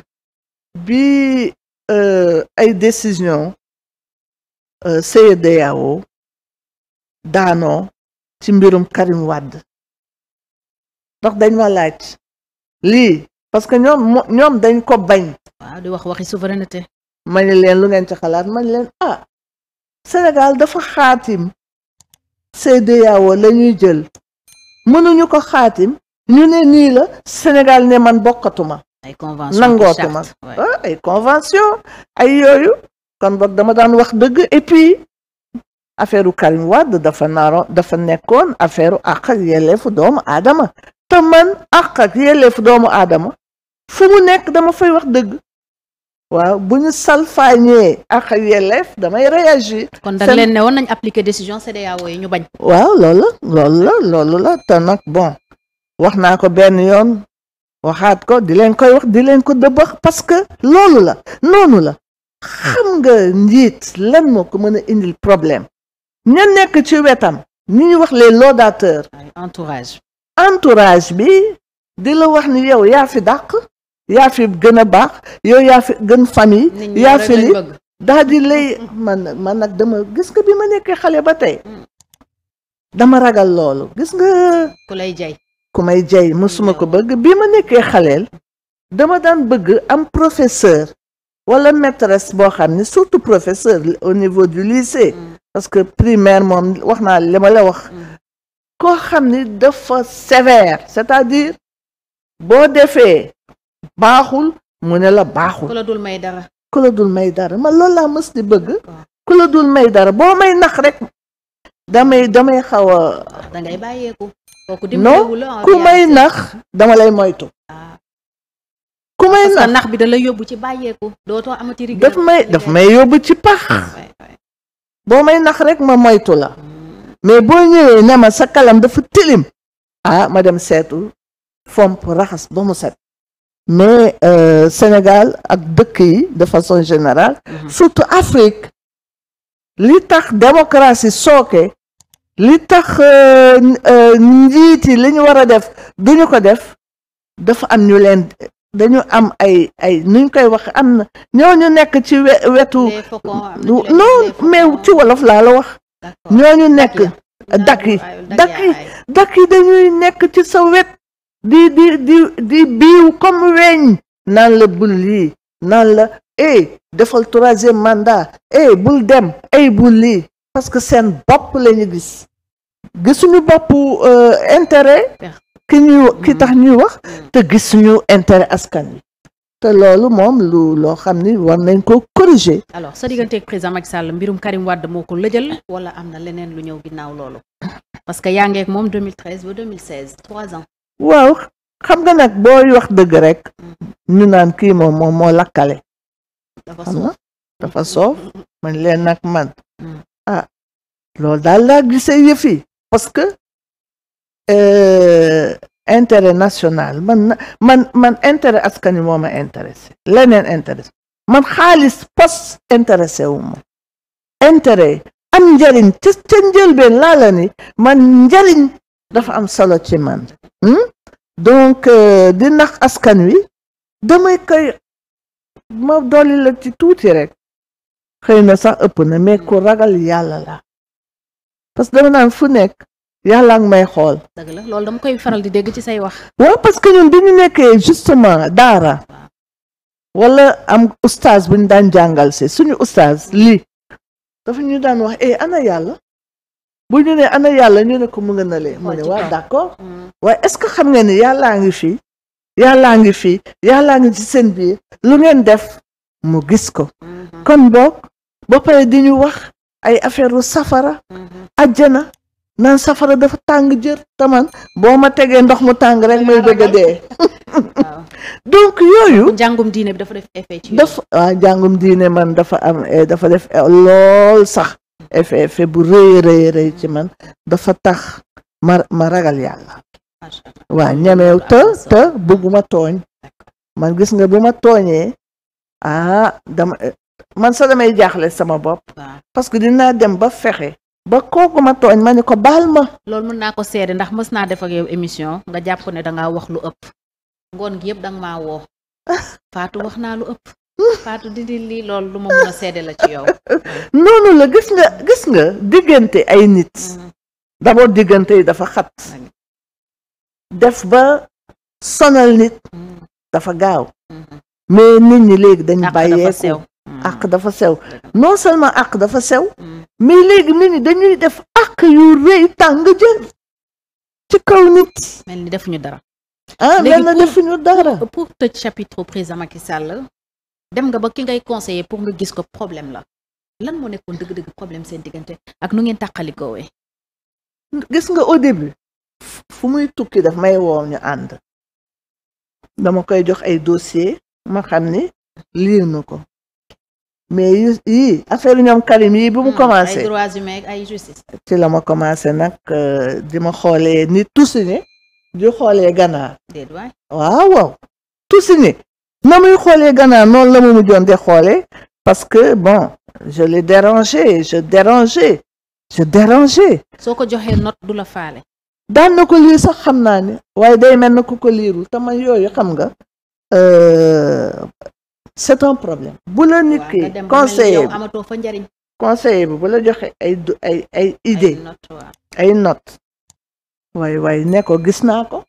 Speaker 2: bi eh, ay décision eh, CEDEAO daanoo ci mbirum Karim wàdd ndax dañ ma laaj lii parce que ñoom ñoom dañ ko bañ. waaw di wax waxi souveraineté. ma ne leen lu ngeen ci xalaat ma leen ah Sénégal dafa xaatim CEDEAO la ñuy jël mënuñu ko xaatim ñu ne nii la Sénégal ne man bokkatuma.
Speaker 1: ay convention nangootuma
Speaker 2: ah, ay convention ay yooyu kon boog dama daan wax dëgg et puis affaire Karim Wade dafa naaro dafa nekkoon affaire u àq ak yelleefu doomu aadama te man àq ak yelleefu doomu aadama fu mu nekk dama fay wax dëgg waaw bu ñu salfaañee ak yelleef damay réagir. kon da leen ne woon nañ
Speaker 1: appliquer décision CEDEAO yi ñu bañ.
Speaker 2: waaw loolu loolu la te nag bon wax naa ko benn yoon waxaat ko di leen koy wax di leen ko dëbbax parce que loolu la noonu la xam nga njiit lan moo ko mën a indil problème ña nekk ci wetam ñu ñu wax les laudateurs entourage entourage bi di la wax ni yow yaa fi dàq yaa fi gën a baax yow yaa fi gën famille yaa fi li daal di lay man man nag dama gis nga bi ma nekkee xale ba tey mm. dama ragal loolu gis nga ku lay jay ku may jay mësuma ko bëgg bi ma nekkee xaleel dama daan bëgg am professeur wala maîtresse boo xam ne surtout professeur au niveau du lycée mm. parce que primaire moom wax naa li ma la wax mm. koo xam ni dafa sévère c'est-à-dire boo defee baaxul mu ne la baaxul ku
Speaker 1: la dul may dara
Speaker 2: ku la may dara man loolu mës di bëgg ku la dul may dara boo may nax rek damay xaw
Speaker 1: dangay bàyyeeku non ku may
Speaker 2: nax dama lay moytu. ku may nax bi da yóbbu ci bàyyeeku
Speaker 1: dootoo amati
Speaker 2: daf may daf may yóbbu ci pax. boo may nax rek ma moytu la. mais boo ñëwee ne ma sa kalam dafa tilim. ah ma dem seetu fomp raxas ba mu set. mais euh, Sénégal ak dëkk yi de façon générale. Mm -hmm. surtout Afrique. li tax démocratie sooke li tax euh, euh, njiit yi li ñu war a def duñu ko def dafa am ñu leen dañu am ay ay nuñ koy wax am na ñoo ñooñu nekk ci wetu
Speaker 3: ah,
Speaker 2: non mais ci wolof laa la wax ñooñu nekk dak yi dañuy nekk ci sa wet di di di di biiw comme weñ naan la bul lii naan la eh defal troisième mandat eh, bul dem ay eh, bul lii parce que seen bopp lañu gis suñu bopp euh, intérêt ki ñuy ki tax ñuy wax mm. te suñu intérêt askan wi te loolu moom lu loo xam ni war nañ ko corriger
Speaker 1: alors sa digganteeg président Macky Sall mbirum Karim Wade moo ko lëjal wala am na leneen lu ñëw ginnaaw loolu parce que yaa ngeeg moom 2013 ba 2016 trois ans
Speaker 2: waaw xam nga nag booy wax dëgg rek mm. ñu naan kii moom moom moo lakkale xam na dafa soof mm. man leen nag man ah loolu daal laa gisee yëf parce que euh, intérêt national man man man intérêt askan wi moo ma intéressé leneen intéressé man xaalis post intéressé wu intéret intérêt am njëriñ ca ca njëlbeen laa ni man njëriñ dafa am solo ci man hmm? donc euh, di nax askan wi damay koy ma dolli la ci tuuti rek xëy na sax ëpp na mais ku ragal yàlla la parce que dama naan fu nekk yàllaa ngi may xool.
Speaker 1: dëgg la loolu dama koy faral di dégg ci say wax.
Speaker 2: waaw parce que ñun bi ñu nekkee justement daara. wala am oustaz bu ñu daan jàngal si suñu oustaz lii. dafa ñu daan wax eh ana yàlla. bu ñu ne ana yàlla ñu ne ko mu nga na moo mu ne waaw d'accord mm. waaye est-ce que xam nga ni yàllaa ngi fii yàllaa ngi fi yàllaa ngi ci seen biir lu ngeen def mu gis ko mm-hmm. kon boog ba di ñu wax ay affaire safara mm-hmm. ajjana naan safara dafa tàng jër taman boo ma tegee ndox mu tàng rek may bëgg a dee *laughs* *laughs* donc yooyu njàngum diine bi dafa def effet ci dafa waaw njàngum man dafa am eh, dafa def eh, lool sax effet effet bu rëy rëy rëy ci man dafa tax ma ma ragal yàlla waaw ñemeew te te bëgguma tooñ man gis nga bu ma tooñee ah dama eh, man sa damay jaaxle sama bopp. parce que dinaa dem ba fexe. ba kooku ma tooñ ma ne ko baal ma.
Speaker 1: loolu mën naa ko seede ndax mës naa def ak yow émission nga jàpp ne da wax lu ëpp. ngoon gi yëpp da nga maa woo. *laughs* wax naa lu ëpp. *laughs* di lii loolu lu ma mën a seede la ci yow.
Speaker 2: *laughs* noonu la gis nga gis nga diggante ay nit. Mm. d'abord diggante yi dafa xat. def ba sonal nit. Mm. dafa gaaw. Mm-hmm. mais nit ñi léegi dañ bàyyeeku Hmm. àq dafa sew non seulement ak dafa sew mais léegi nit def ak yu rëy tàng jël ci kaw nit. mel ni defuñu dara.
Speaker 1: ah mel na defuñu dara. pour tëj chapitre président Macky sàll dem nga ba ki ngay conseiller pour nga gis ko problème la lan moo nekkoon dëgg-dëgg problème seen diggante ak nu ngeen tàqalikoowee.
Speaker 2: gis nga au début. fu muy tukki daf may woo ñu ànd. dama koy jox ay dossier ma xam ni lire na ko. mais yi affaire ñoom Karim yi bu mu hmm, commencé. ay
Speaker 1: droits humains ay ah, justice.
Speaker 2: ci la ma commencé nag euh, di ma xoolee ni Toussigny di xoolee ganaar waaw waaw Toussigny na muy xoolee ganaar noonu la mu mujjoon de xoolee parce que bon je l'ai dérangé je dérangeais je dérangeais.
Speaker 1: soo ko joxee note du la faale.
Speaker 2: daan na ko lii sax xam naa ni waaye day mel na ku ko liirul te man yooyu xam nga. Euh, c'est un problème bu la nit ki conseiller
Speaker 1: bi
Speaker 2: conseiller bi bu la joxe ay ay ay idée ay note waaye waaye ne gis naa ko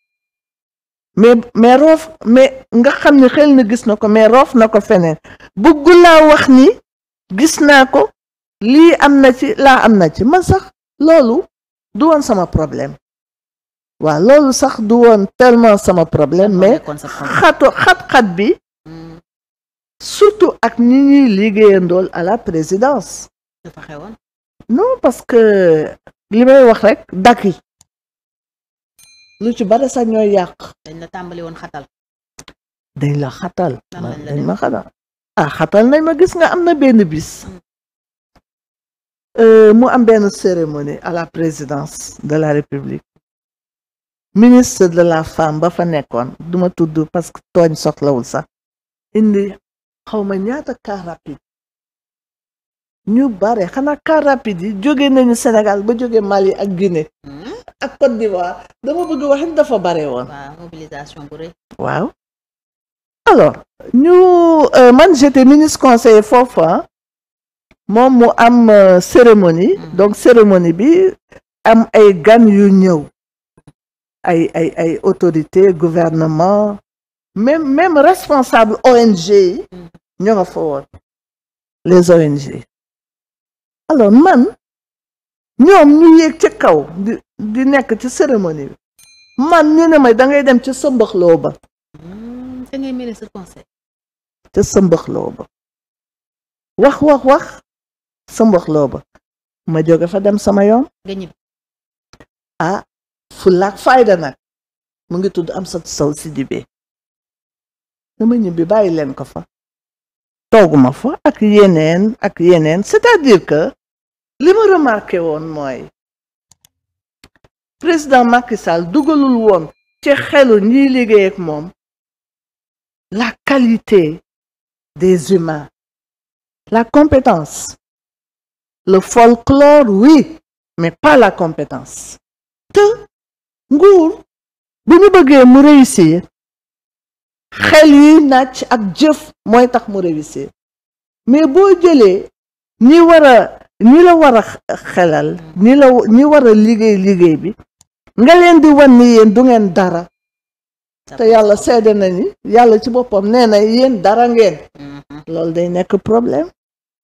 Speaker 2: mais mais roof mais nga xam ni xel na gis na ko mais roof na ko feneen bëggu laa wax ni gis naa ko lii am na ci laa am na ci man sax loolu du woon sama problème waaw loolu sax du woon tellement sama problème mais xatu xat-xat bi surtout ak ñi ñuy liggéeyandool à la présidence. dafa xewoon. parce que li may wax rek dàkk yi lu ci bari sax ñooy yàq.
Speaker 1: dañ la tàmbali woon xatal.
Speaker 2: dañ la xatal. dañ ma xatal ah xatal nañ ma gis nga am na benn bis. Mm. Euh, mu am benn cérémonie à la présidence de la république. ministre de la femme ba fa nekkoon duma tudd parce que tooñ soxlawul sax. indi xawma ñaata car rapide ñu bare xanaa car rapide yi jóge nañu Sénégal ba jóge Mali ak Guinée hmm? ak Côte d'Ivoire dama bëgg wax ni dafa bare woon waaw alors ñu euh, man j'étais ministre conseiller foofu ah. moom mu am euh, cérémonie hmm. donc cérémonie bi am ay gan yu ñëw ay ay ay autorité gouvernement même même responsable ONG yi ñoo nga fa woon les ONG alors man ñoom ñu yéeg ci kaw di nekk ci cérémonie bi man ñu ne may da ngay dem ci sëmbaxloo ba
Speaker 1: hmm, da ngay ministre conseil
Speaker 2: sëmbaxloo ba wax wax wax sëmbaxloo ba ma jóge fa dem sama yoon ah fulaak fayda nag mu ngi tudd am sa saw si dibee dama ñibbi bàyyi leen ko fa tooguma fa ak yeneen ak yeneen c'est-à-dire que li ma remarqué woon mooy président Macky Sall dugalul woon ci xelu ñiy liggéey ak moom la qualité des humains la compétence le folklore wi mais pas la compétence te nguur bu ñu bëggee mu réussir xel yuy nàcc ak jëf mooy tax mu réussir mais boo jëlee ñi war a ñi la war xelal ñi la ñi war liggéey liggéey bi nga leen di wan ni yéen du ngeen dara te yàlla seede na yàlla ci boppam nee na yéen dara ngeen mm-hmm. lool day nekk problème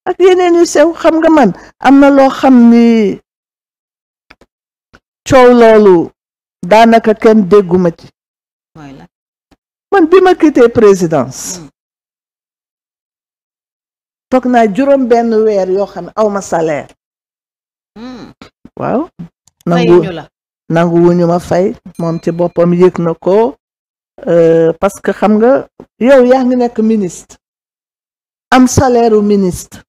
Speaker 2: ak yeneen yu sew xam nga man am na loo xam ni coow loolu daanaka kenn dégguma ci man bi ma kitee présidence toog naa juróom benn weer yoo xam ne aw ma salaire hmm. waaw nangu nangu wuñu ma fay moom ci boppam yëg na ko euh, parce que xam nga yow yaa ngi nekk ministre am saleeru ministre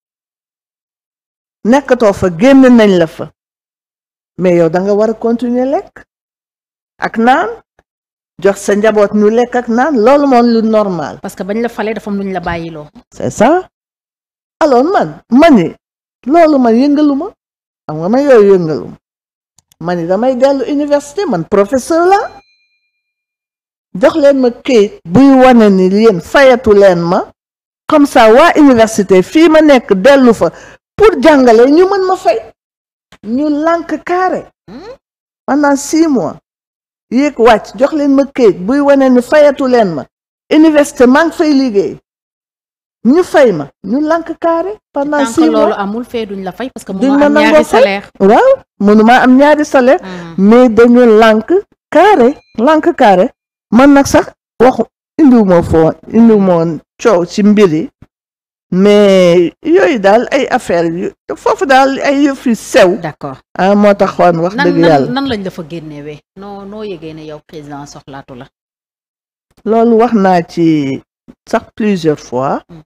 Speaker 2: nekkatoo fa génn nañ la fa mais yow da nga war a continuer lekk ak naan jox sa njaboot ñu lekk ak naan loolu moom lu normal.
Speaker 1: parce que bañ la falee dafa am ñu la bàyyiloo.
Speaker 2: c'est ça alors man ma ni loolu man yëngalu xam nga ma yooyu yëngalu ma ni damay dellu université man professeur la jox leen ma këyit buy wane ni yéen fayatu ma comme ça waa université fii ma nekk dellu fa pour jàngale ñu mën ma fay ñu lànk carré hmm? pendant six mois. yéeg wàcc jox leen ma kayit buy wane ni fayatu leen ma université maa ngi fay liggéey ñu fay ma ñu lank carré pendant six mois loolu
Speaker 1: amul fee duñ fay parce que mënuma am ñaari salaire
Speaker 2: waaw mënuma am ñaari salaire mais dañu lank carré lank carré man nag sax waxu indiw ma foo woon coow ci mbir yi mais yooyu daal ay affaire foofu daal ay yëf yu sew. d'accord ah moo taxoon wax dëgg yàlla
Speaker 1: nan lañ la fa génnewee noo noo yëgee ne yow président soxlaatu la.
Speaker 2: loolu wax naa ci sax plusieurs fois. Hmm.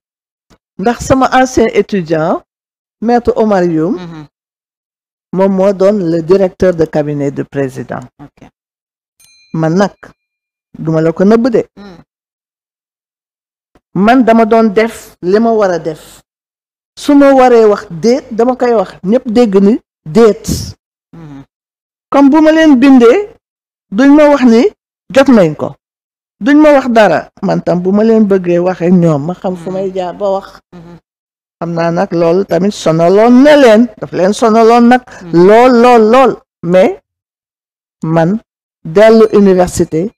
Speaker 2: ndax sama ancien étudiant maître Omar Youm. Hmm, hmm. moom moo doon le directeur de cabinet du président. man nag duma la ko nëbb de. man dama doon def li ma war a def su ma waree wax déet dama koy wax ñépp dégg ni déet mm-hmm. comme bu ma leen bindee duñ ma wax ni jot nañ ko duñ ma wax dara man tam bu ma leen bëggee waxee ñoom ma xam fu may mm-hmm. jaar ba wax mm-hmm. xam naa nag lool tamit sonaloon na leen daf leen sonaloon nag lool lool lool mais man dellu université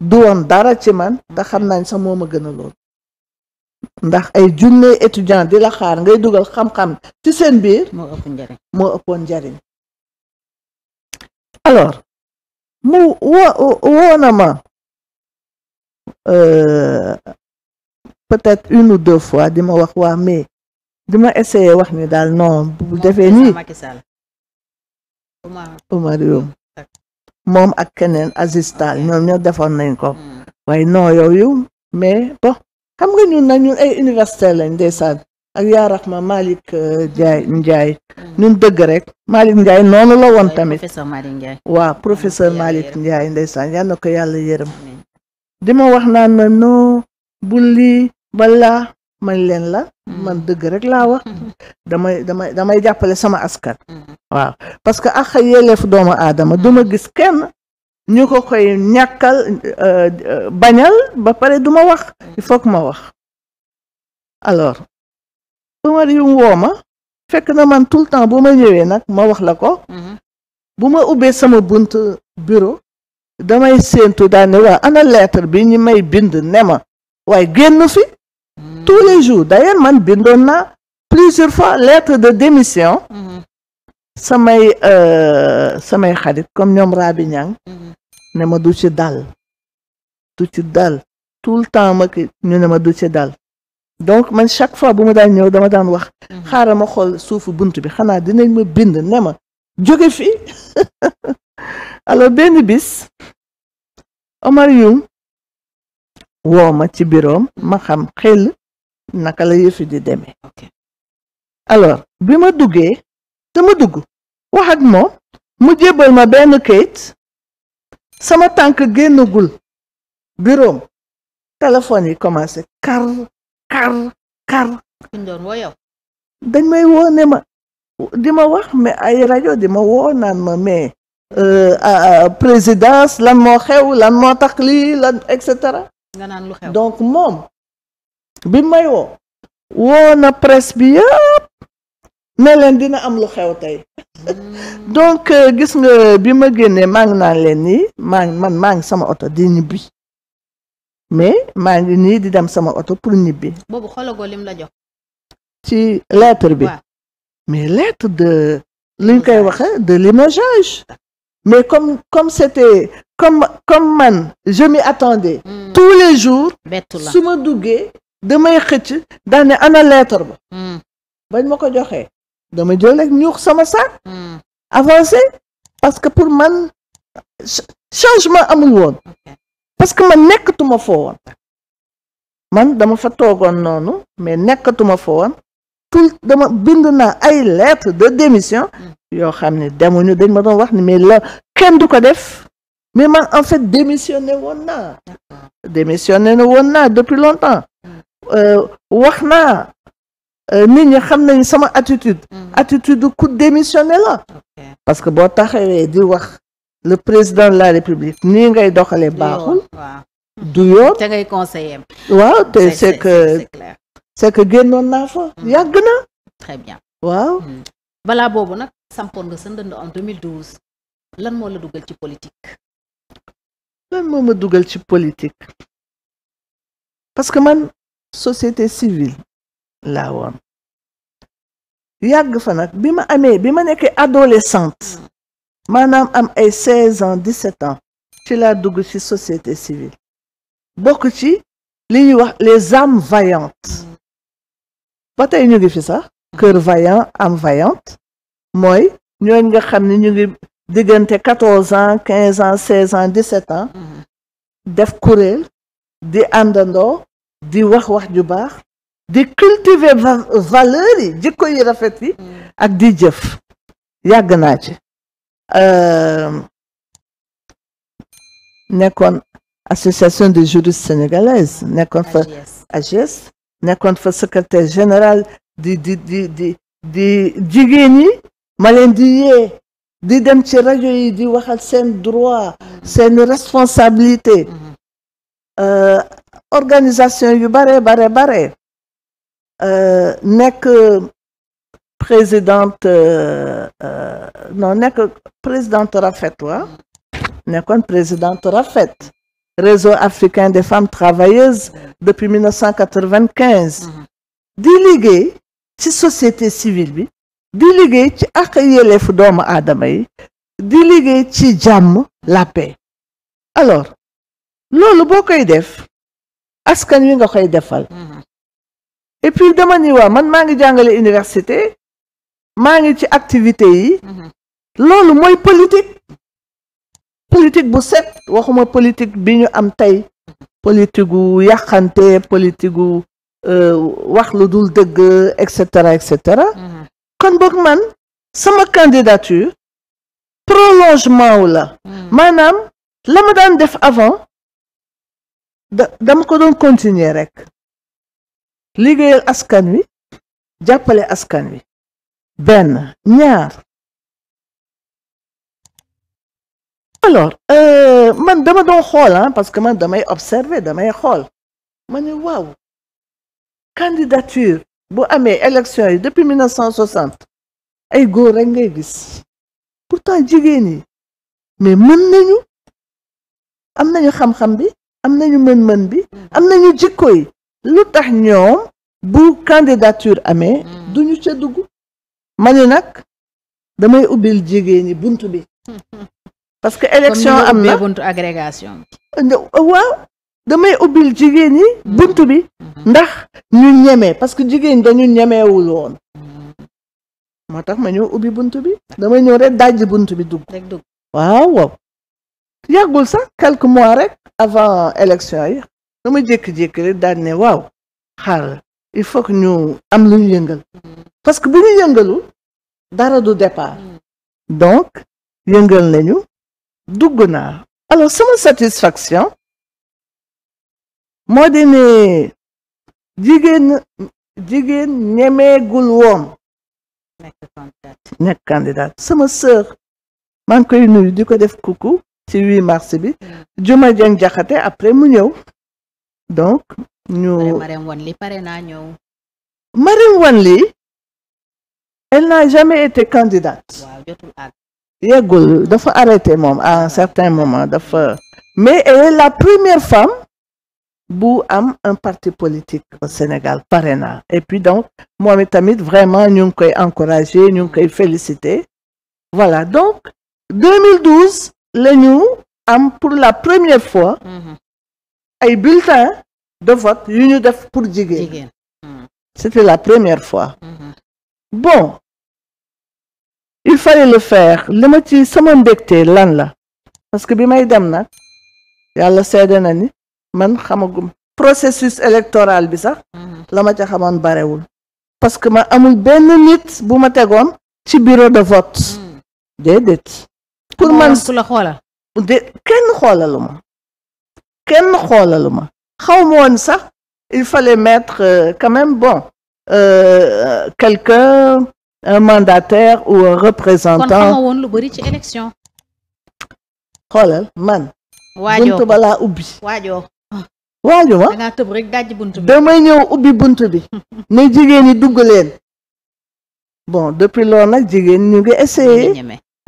Speaker 2: du woon dara ci man ndax xam nañ sax moo ma gën a lool ndax ay junne étudiant di la xaar ngay dugal xam-xam ci seen biir moo ëppoon njariñ alors mu wo woona ma euh, peut-être une ou deux fois di ma wax waa mais dima ma wax ni daal non bu defee nii Oumar Youm moom ak keneen Aziz Tall ñoom ñoo defoon nañ ko hmm. waaye non yooyu mais bon xam nga ñun nañu ay université lañ ndeysaan ak yaa raxma Malick euh, Ndiaye Ndiaye hmm. ñun dëgg rek Malick Ndiaye noonu la woon tamit waaw professeur Malick Ndiaye ndeysaan yal na ko yàlla yërëm di wax naan ma non bu lii man leen la mm-hmm. man dëgg rek laa wax mm-hmm. damay damay damay jàppale sama askan mm-hmm. waaw parce que ak yelleefu doomu aadama duma gis kenn ñu ko koy ñàkkal euh, euh, bañal ba pare duma wax il faut que ma wax alors Umar yu ma fekk na man tout temps bu ma ñëwee nag ma wax la ko bu ma ubbee sama bunt bureau damay séentu daane waa ana lettre bi ñu may bind ne ma waaye génn fi tous les jours d'ailleurs man bindoon naa plusieurs fois lettre de démission mm-hmm. samay euh, samay xarit comme ñoom Rabi mm-hmm. Niang mm-hmm. ne ma du ci dal du ci dal tout le temps ma ki ñu ne ma du ci dal donc man chaque fois bu ma daan ñëw dama daan wax xaaral ma xool suufu bunt bi xanaa dinañ ma bind ne ma jóge fi *laughs* alors benn bis Omar woo ma ci biroom ma xam xel naka la yëfi di demee alors bi ma duggee te ma dugg wax ak moom mu jébbal ma benn kayit sama tànk génnagul biroom téléphone yi commencé kar kar kar dañ may wone ma di ma wax mais ay rajo di ma woo naan ma mais euh, présidence lan moo xew lan moo tax lii lan et cetera donc moom bi may woo woo na presse bi yëpp ne leen dina am lu xew tey mm. *laughs* donc euh, gis nga bi ma génnee maa ngi naan leen nii maa ngi man maa ngi sama oto di ñibbi mais maa ngi nii di dem sama oto pour ñibbi.
Speaker 1: boobu xoolagoo lim la jox.
Speaker 2: ci lettre bi. mais lettre de liñ koy waxee de limogeage. mais comme comme c'était comme comme man je m'y attendais. Mm. tous les jours. su ma duggee. damay xëcc daal ne ba hmm. bañ ma ko joxee dama jël rek ñuux sama saak hmm. avancé parce que pour man changement amul woon parce que man nekkatuma foo woon man dama fa toogoon noonu mais nekkatuma foo woon tout dama bind naa ay lettre de démission hmm. yoo xam ne demuñu dañ ma doon wax ni mais la kenn du ko def mais man en fait démissionné woon naa démissionné woon naa depuis longtemps Euh, wax naa euh, nit ñi xam nañ sama attitude mm-hmm. attitude ku démissionné la parce que boo taxawee di wax le président de la république nii ngay doxalee baaxul du yoon
Speaker 1: te ngay conseiller
Speaker 2: waaw te c'est que c'est que génnoon naa fa mm-hmm. yàgg
Speaker 1: na très waaw mm-hmm. balaa boobu nag sampoon nga sa ndënd en lan moo la dugal ci politique
Speaker 2: lan moo ma dugal ci politique parce que man société civile laa woon yàgg fa nag bi ma amee bi ma nekkee adolescente maanaam am ay seize ans dix-sept ans ci la dugg ci société civile bokk ci li wax les âmes vaillantes ba tey ñu ngi fi sax kër vaillant âme vaillante mooy ñooñ nga xam ne ñu ngi diggante quatorze ans quinze ans seize ans dix-sept mm-hmm. def kuréel di àndandoo di wax wax ju baax di cultiver valeur yi jikko yi rafet yi mm. ak di jëf yàgg naa ci euh, nekkoon association des juristes sénégalaises nekkoon fa AGS ah, nekkoon fa secrétaire général di di di di di jigéen yi ma di di dem ci rajo yi di waxal seen droit mm. seen responsabilité mm-hmm. euh, organisation yu bare bare bare euh, nekk euh, présidente euh, non nekk présidente Rafet waa nekkoon présidente Rafet réseau africain des femmes travailleuses depuis 1995 di liggéey ci société civile bi di liggéey ci ak yelleefu doomu aadama yi di liggéey ci jàmm la paix alors loolu boo koy def askan wi nga koy defal et puis dama ni waa man maa ngi jàngale université maa ngi ci activité yi loolu mooy politique politique bu set waxuma politique bi ñu am tey politique gu yàqante politique gu euh, wax lu dul dëgg et cetera et cetera kon boog man sama candidature prolongement wu la hmm. maanaam la ma daan def avant da dama ko doon continuer rek liggéeyal askan wi jàppale askan wi benn ñaar alors euh, man dama doon xool ah, parce que man damay observer damay xool ma ne waaw candidature bu amee élection yi depuis 1960 ay góor rek ngay gis pourtant jigéen yi mais mën nañu am nañu xam-xam bi am nañu mën-mën bi am nañu jikko yi lu tax ñoom bu candidature amee mm. duñu ca dugg ma nag damay ubbil jigéen ñi bunt bi *laughs* parce que élection am na
Speaker 1: buntu agrégation
Speaker 2: waaw ubbil jigéen ñi mm. bunt bi mm-hmm. ndax ñu ñeme parce que jigéen dañu ñemewul woon mm. moo tax ma ñëw ubbi bunt bi damay ñëw rek dajji bunt bi dugg waaw waaw yàggul sax quelques mois rek avant élection yi dama jékki-jékki rek daan ne waaw xaaral il faut que ñu am lu ñu yëngal parce que bu ñu yëngalu dara du départ donc yëngal nañu dugg naa alors sama satisfaction moo di ne jigéen jigéen ñemeegul woon nekk candidate sama sœur maa ngi koy nuyu di ko def kuku ci 8 mars bi Juma Jeng Jaxate après mu ñëw donc ñu
Speaker 1: Marème Wan Ly pare naa ñëw
Speaker 2: Marème Wan Ly elle n'a jamais été candidate yeggul dafa arrêté moom à un certain moment dafa mais elle est la première femme bu am un parti politique au Sénégal parrainage et puis donc moom itamit vraiment ñu ngi koy encourager ñu ngi koy féliciter voilà donc la ñu am pour la première fois mhm. ay bulletin de vote yu ñu def pour jigéen mhm. c'était la première fois mhm. bon il fallait le faire li ma ci sama mbégte lan la parce que bi may dem nag yàlla seede na ni man xamagum processus électoral bi sax la ma ca xamoon barewul parce que ma amul benn nit bu ma tegoon ci bureau de vote déedéet pour man ku la xoolal de kenn xoolalu ma kenn xoolalu ma xaw ma sax il fallait mettre euh, quand même euh, ou un représentant lu bari ci xoolal man bunt balaa ubbi waajoo ma dangaa
Speaker 1: tëb rek bi damay
Speaker 2: ñëw ubbi bunt bi *laughs* ne jigéen dugg leen bon depuis loolu nag jigéen ñu ngi essayé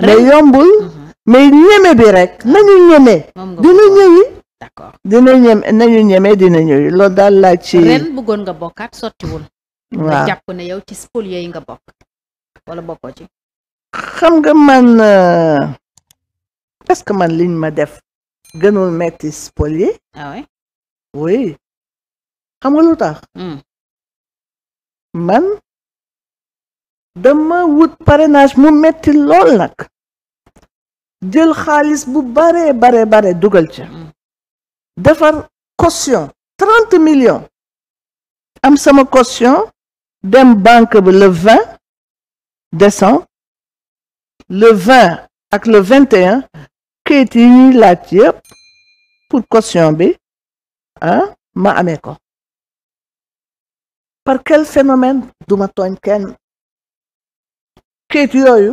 Speaker 2: mais yombul mhm. mais ñeme bi rek nañu ñeme. dina ñëwi. d'accord dina ñeme nañu ñeme dina ñëwi loolu daal laa ci.
Speaker 1: bëggoon nga bokkaat sottiwul. yow ci spolié yi nga bokk wala bokkoo ci.
Speaker 2: xam nga man euh, que man liñ ma def gënul metti spolié. ah xam nga lu tax. Mm. man dama wut parrainage mu metti lool nag. jël xaalis bu bare bare bare dugal ca mm. defar caution trente millions am sama caution dem banque bi le vingt le vingt ak le vingt et yi ñuy laaj yëpp pour caution bi ah ma amee ko par quel phénomène duma tooñ kenn kayit yooyu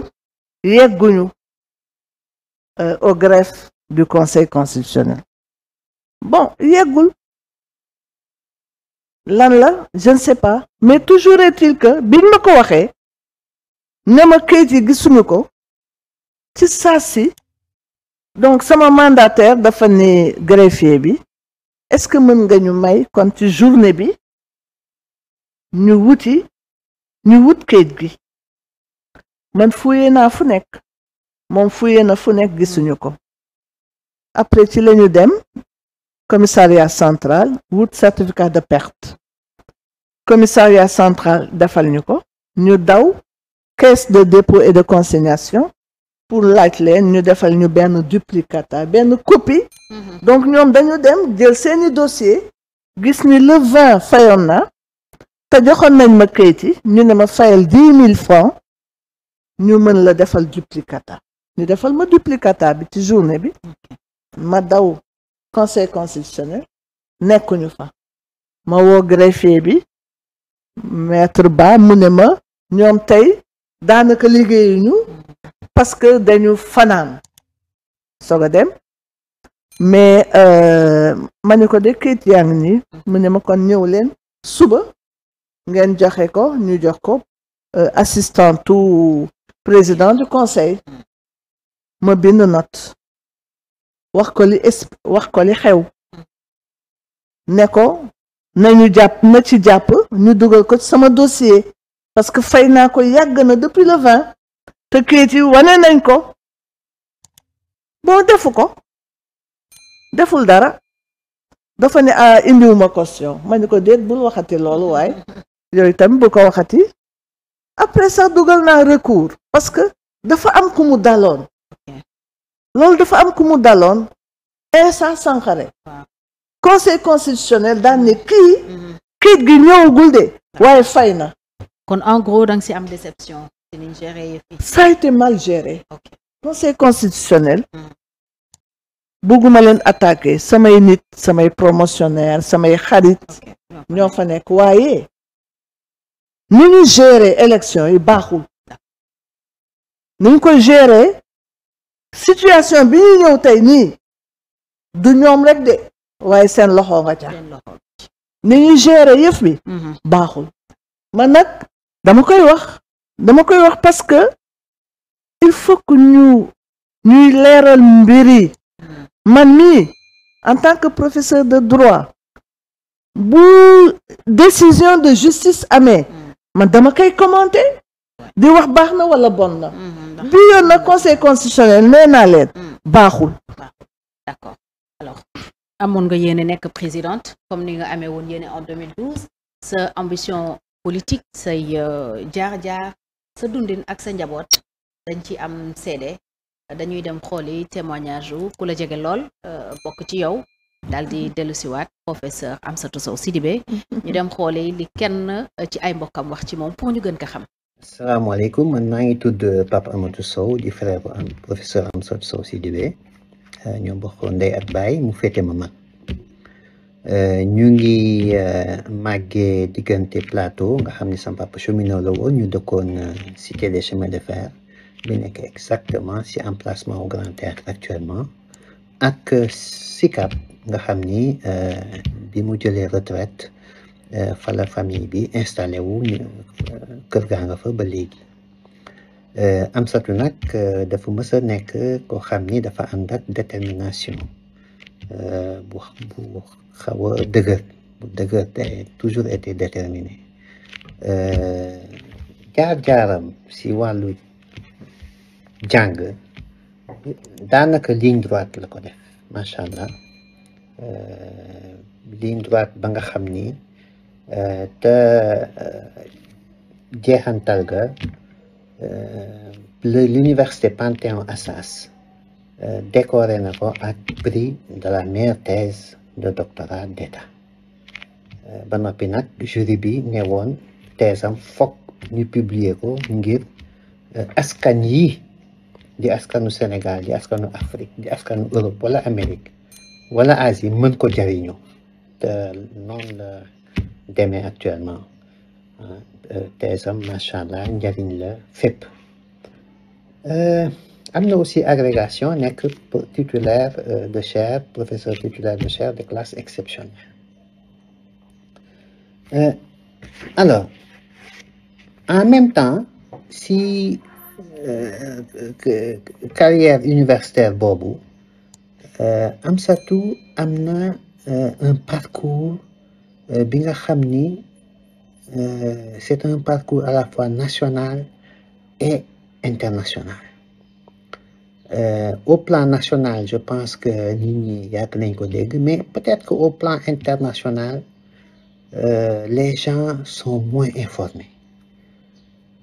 Speaker 2: yegguñu euh, au greffe du Conseil constitutionnel bon yeggul lan la je ne sais pas mais toujours est-il que biñ ma ko waxee ne ma kayit yi gisuñu ko ci saa si donc sama mandataire dafa ni greffier bi est-ce que mën nga ñu may kon ci journée bi ñu wuti ñu wut kayit gi man fuye naa fu nekk moom fuyee na fu nekk gisuñu ko après ci lañu dem commissariat central wut certificat de perte commissariat central defal ñu ko ñu daw caisse de dépôt et de consignation pour laaj leen ñu defal ñu benn duplicata benn copie mhm. donc ñoom dañu dem jël seeni dossier gis ni le vingt fayoon na te joxoon nañ ma kayit yi ñu ne ma fayal dix mille francs ñu mën la defal duplicata ñu defal ma duplicata bi ci journée bi ma daw conseil constitutionnel nekkuñu fa ma woo greffier bi maître ba mu ne ma ñoom tey daanaka liggéeyuñu parce que dañu fanaan soog a dem mais euh, ma ne ko de kayit yaa ngi nii mu ne ma kon ñëw leen suba ngeen joxe ko ñu jox ko euh, assistant tout président du conseil ma bind not wax ko li exp wax ko li xew ne ko nañu jàpp na ci jàpp ñu dugal ko ci sama dossier parce que fay naa ko yàgg na depuis le vingt te kayit yi wane nañ ko bon defu ko deful dara dafa ne a ah, indiwuma caution ma ne ko déet bul waxati loolu waaye yooyu tamit bu ko waxati après sax dugal naa recours parce que dafa am ku mu daloon loolu dafa am ku mu daloon Insa Sankhare conseil constitutionnel daan kii mm-hmm. kii gi ñëwagul de waaye fay na kon en gros da si am déception ça a été mal géré okay. conseil constitutionnel mm-hmm. bugguma leen samay nit samay promotionnaire samay xarit ñoo fa nekk waaye ni ñu gérer élection yi baaxul ni ñu ko gérer situation bi ñu ñëw tey nii du ñoom rek de waaye seen loxo nga ca ni ñuy gérer yëf bi mhm. baaxul ma nag dama koy wax dama koy wax parce que il faut que ñu ñuy leeral mbir mhm. man mi en tant que professeur de droit bu décision de justice amee mhm. man dama koy commenter di wax baax na wala bon na bi mm-hmm, yoon nag conseil constitutionnel nee naa leen mm. baaxul
Speaker 1: d'accord alors amoon nga yéene nekk présidente comme ni nga amee woon yéene en 2012 sa ambition politique say euh, jaar-jaar sa dundin ak sa njaboot dañ ci am seede dañuy dem xooli témoignage wu ku la jege lool euh, bokk ci yow daal di dellusiwaat professeur Amsatou Sow Sidibé *laughs* ñu dem xooli li kenn ci ay mbokkam wax ci moom pour ñu gën ko xam
Speaker 4: salaamaaleykum man maa ngi tudd Pape Amadou Sow di frère bu euh, am professeur Amsatou Sow Sidibé euh, ñoo bokk ndey ak baay mu féete ma mag euh, ñu ngi màggee diggante plateau nga xam ni sama papa cheminot la ñu dëkkoon cité des chemins de fer bi nekk exactement ci emplacement au Grand Théâtre actuellement ak SICAP nga xam ni bi mu jëlee retraite Eh, fala la bi installé wu eh, kër gaa nga fa ba am eh, Amsatu nag dafa mës a nekk koo xam ni dafa ànd ak détermination bu bu xaw a dëgër bu dëgër toujours été déterminé jaar-jaaram si wàllu jàng daanaka ligne la ko def macha allah ligne droite ba nga xam ni. te e, jeexantal ga e, l'université Panthéon Assas e, décoré na ko ak prix de la thèse de doctorat d'état ba noppi nag jury bi ne woon thèse am foog ñu publier ko ngir askan yi di askanu Sénégal di askanu Afrique di askanu Europe wala Amérique wala Asie mën ko jariñu te noonu la demet actuellement. Tes am macha allah njëriñ la fépp. Euh, am na aussi agrégation nekk titulaire euh, de chair professeur titulaire de chaire de classe exceptionnelle. Euh, alors en même temps si carrière universitaire boobu Amsatou am na un parcours. Euh, bi nga xam ni euh, c'est un parcours à la fois national et international euh, au plan national je pense que ni ñi yàgg nañ ko dégg mais peut-être que au plan international les gens sont moins informés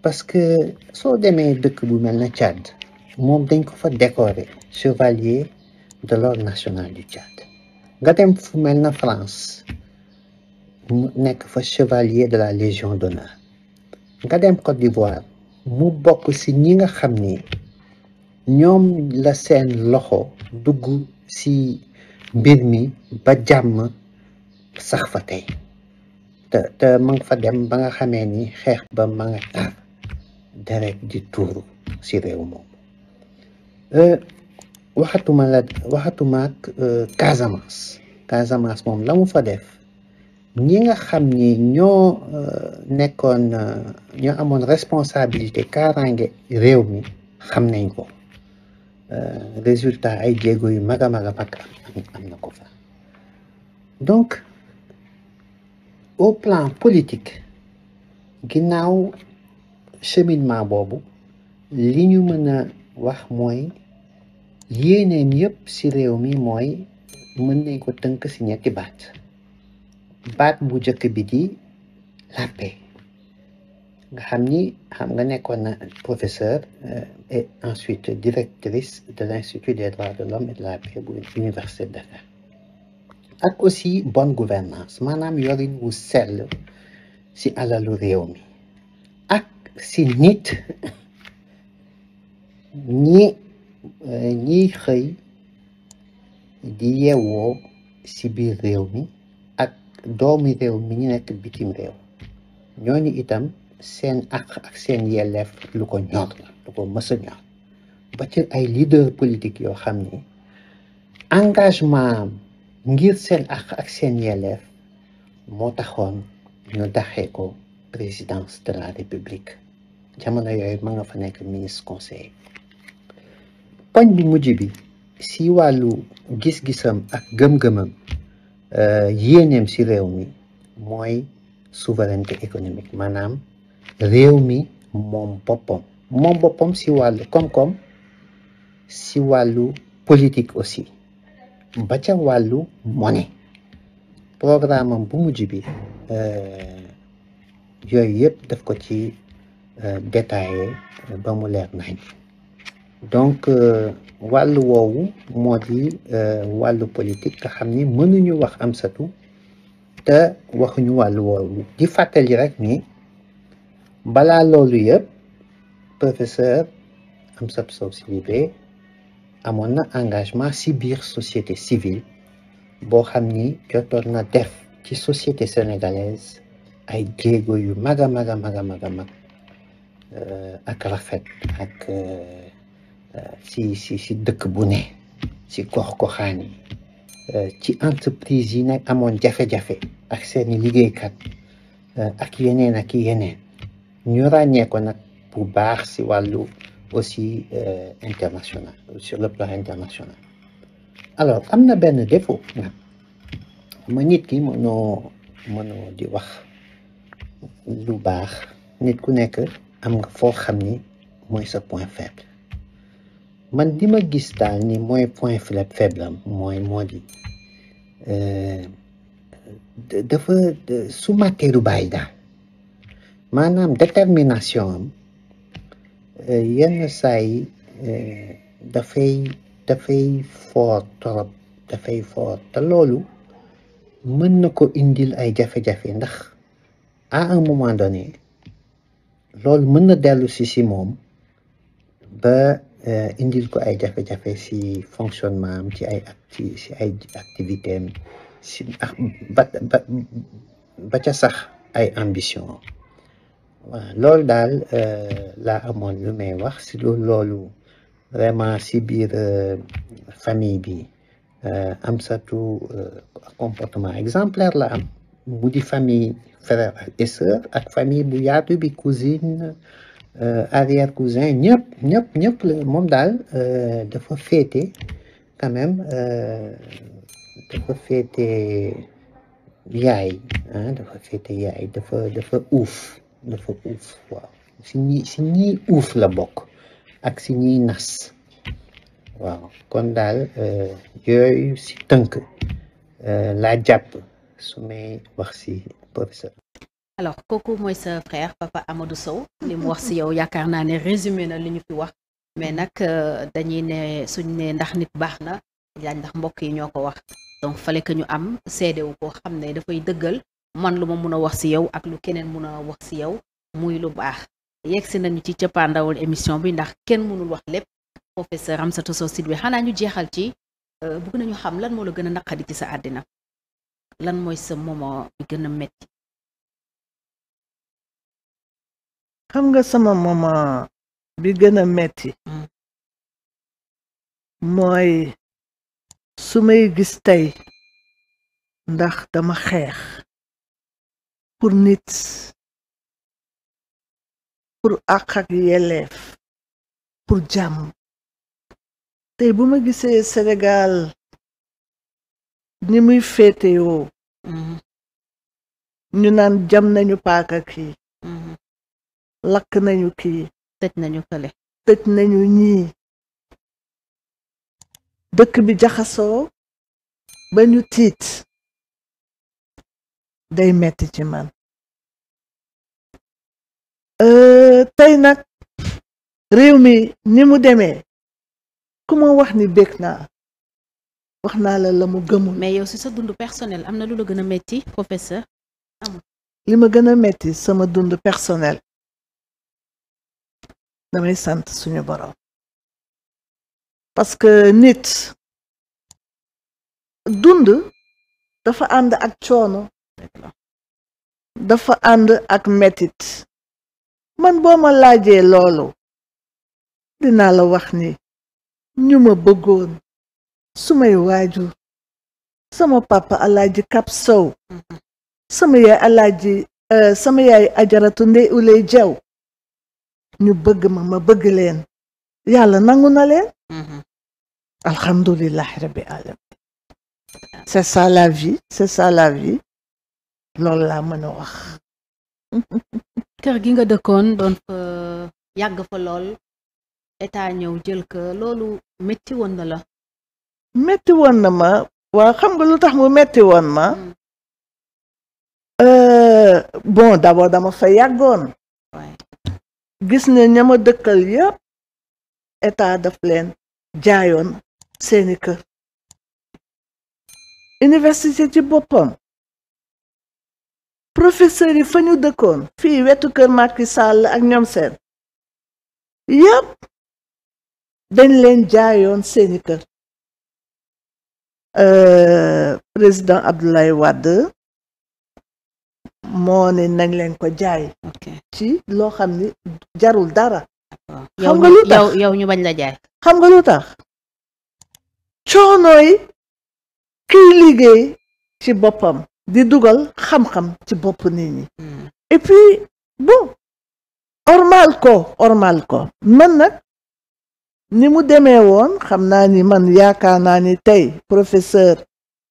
Speaker 4: parce que soo demee dëkk bu mel na Tchad moom dañ ko fa décorer chevalier de l'ordre national du Tchad nga dem fu mel na France nekk fa chevalier de la légion d'honneur nga dem Côte d'Ivoire mu bokk ci ñi nga xam ni ñoom la seen loxo dugg ci mbir ba jàmm sax fa tey te te fa dem ba nga xamee ni xeex ba ma nga tar deret di tuuru ci réew moom euh, waxatuma waxatuma ak euh, Casamance moom la fa def ñi nga xam ni ñoo euh, nekkoon euh, ñoo amoon responsabilité kaaraange réew mi xam nañ ko euh, résultat ay jéego yu mag a mag a mag am na ko fa donc au plan politique ginnaaw cheminement boobu li ñu mën a wax mooy yéeneem yëpp si réew mi mooy mën nañ ko tënk ci ñetti baat baat bu jëkk bi di la paix nga ni xam nga nekkoon na professeur euh, et ensuite directrice de l'Institut des droits de l'homme et de bu université de Dakar ak aussi bonne gouvernance maanaam yorin wu sell si alalu réew mi ak si nit *laughs* ñi euh, ñiy xëy di yewoo si biir réew mi doomi réew mi ñu nekk bitim réew ñooñu itam seen àq ak seen yelleef lu ko ñor lu ko mës ñor ba ci ay leader politique yoo xam ne engagement ngir seen àq ak seen yelleef moo taxoon ñu daxee ko présidence de la république jamono yooyu ma nga fa nekk ministre conseiller poñ bi mujj bi si wàllu gis-gisam ak gëm-gëmam Eh, yéeneem si réew mi mooy souveraineté économique maanaam réew mi moom boppam moom boppam si wàllu koom-koom si wàllu politique aussi ba ca wàllu monnaie programme am bu mujj bi eh, yooyu yëpp daf ko ci eh, détaillé ba mu leer nañ donc wàll woowu moo di euh, wàllu politique nga xam ni mënuñu wax am Amsatou te waxuñu wàllu woowu di fàttali rek ni balaa loolu yëpp professeur Amsatou Sow Sidibé amoon na engagement si biir société civile boo xam ni jotoon na def ci société sénégalaise ay jéego yu mag a mag a mag a mag euh, ak rafet ak euh, Euh, si si dëkk bu ne si gox-goxaan yi euh, ci entreprise yi nag amoon jafe-jafe ak seeni liggéeykat euh, ak yeneen ki yeneen ñu ràññee ko nag bu baax si wàllu aussi international sur le plan international alors am na benn défaut nag nit ki mënoo mënoo di wax lu baax nit ku nekk am nga foo xam ni mooy sa point faible man li ma gis daal ni mooy point faible am mooy moo euh, dafa su matteeru bàyyi maanaam détermination am euh, yenn saa yi euh, dafay dafay fort torop dafay fort te loolu mën na ko indil ay jafe-jafe ndax à un moment donné loolu mën na dellusi si si moom ba Eh, indil ko ay jafe-jafe si fonctionnement ci ay acti si ay activité am ba ba ca sax ay ambition waaw loolu daal eh, laa amoon lu may wax si loolu vraiment si biir eh, famille bi am comportement exemplaire la am bu di famille frère et sœur ak famille bu yaatu bi cousine arrière cousin ñëpp ñëpp ñëpp moom daal dafa féete quand même dafa féete yaay ah dafa féete yaay dafa uuf dafa uuf si ñi uuf la bokk ak si ñiy nas waaw kon daal yooyu si tënk laa jàpp su may wax si professeur
Speaker 1: alors kooku mooy sa frère papa Amadou Sow li mu wax si yow yaakaar naa ne résumé na li ñu fi wax mais nag euh, dañuy ne suñ ne ndax nit baax na laaj ndax mbokk yi ñoo ko wax donc fallait que ñu am seede wu koo xam ne dafay dëggal man lu ma mun a wax si yow ak lu keneen mun a wax si yow muy lu baax yegg si nañu ci cëppaandawul émission bi ndax kenn mënul wax lépp professeur Amsatou sit Sidibé xanaa ñu jeexal ci euh, bëgg nañu xam lan moo la gën a naqadi ci sa àddina lan mooy sa moment bi gën a metti
Speaker 2: xam nga sama maman bi gën a metti mm. mooy su may gis tey ndax dama xeex pour nit pour àq ak pour jàmm tey bu ma gisee Sénégal ni muy féetewoo mm-hmm. ñu naan jam nañu paaka kii mm-hmm. lakk nañu kii tëj nañu kële tëj nañu ñii dëkk bi jaxasoo ba ñu tiit day metti ci man euh, tey nag réew mi ni mu demee ku ma wax ni bég naa wax naa la la mu
Speaker 1: gëmul mais yow si sa dund personnel am na lu la gën a metti professeur
Speaker 2: amul li ma gën a metti sama dund personnel damay sant suñu boroom parce que nit dund dafa ànd ak coono dafa ànd ak metit man boo ma laajee loolu dinaa la wax ni ñu ma bëggoon sumay waajur sama papa alaaji kap sow mm-hmm. sama yaay alaaji eh, sama yaay ajaratu ndey ulay ñu bëgg ma ma bëgg leen yàlla nangu na leen mm-hmm. alhamdulilah rabbi alamin c'est ça la vie c'est ça la vie loolu laa mën a wax *laughs* kër gi nga dëkkoon doon
Speaker 1: fa yàgg fa lool état ñëw jël ko loolu
Speaker 2: metti woon na la metti woon na ma waa xam nga lu tax mu metti woon ma mm. euh, bon d'abord dama fa yàggoon gis ne ña dëkkal yëpp état daf leen jaayoon seeni kër université ci boppam professeur yi fa ñu dëkkoon fii wetu kër Macky sàll ak ñoom seen yëpp dañ leen jaayoon seeni kër euh, président Abdoulaye Wade moo ne nañ leen ko jaay. ci loo xam ni jarul dara. xam nga lu tax ñu bañ la jaay. xam nga lu tax coonooy kiy liggéey ci boppam di dugal xam-xam ci bopp nit ñi. Hmm. et puis ormal ko ormal ko man nag ni mu demee woon xam naa ni man yaakaar naa ni tey professeur.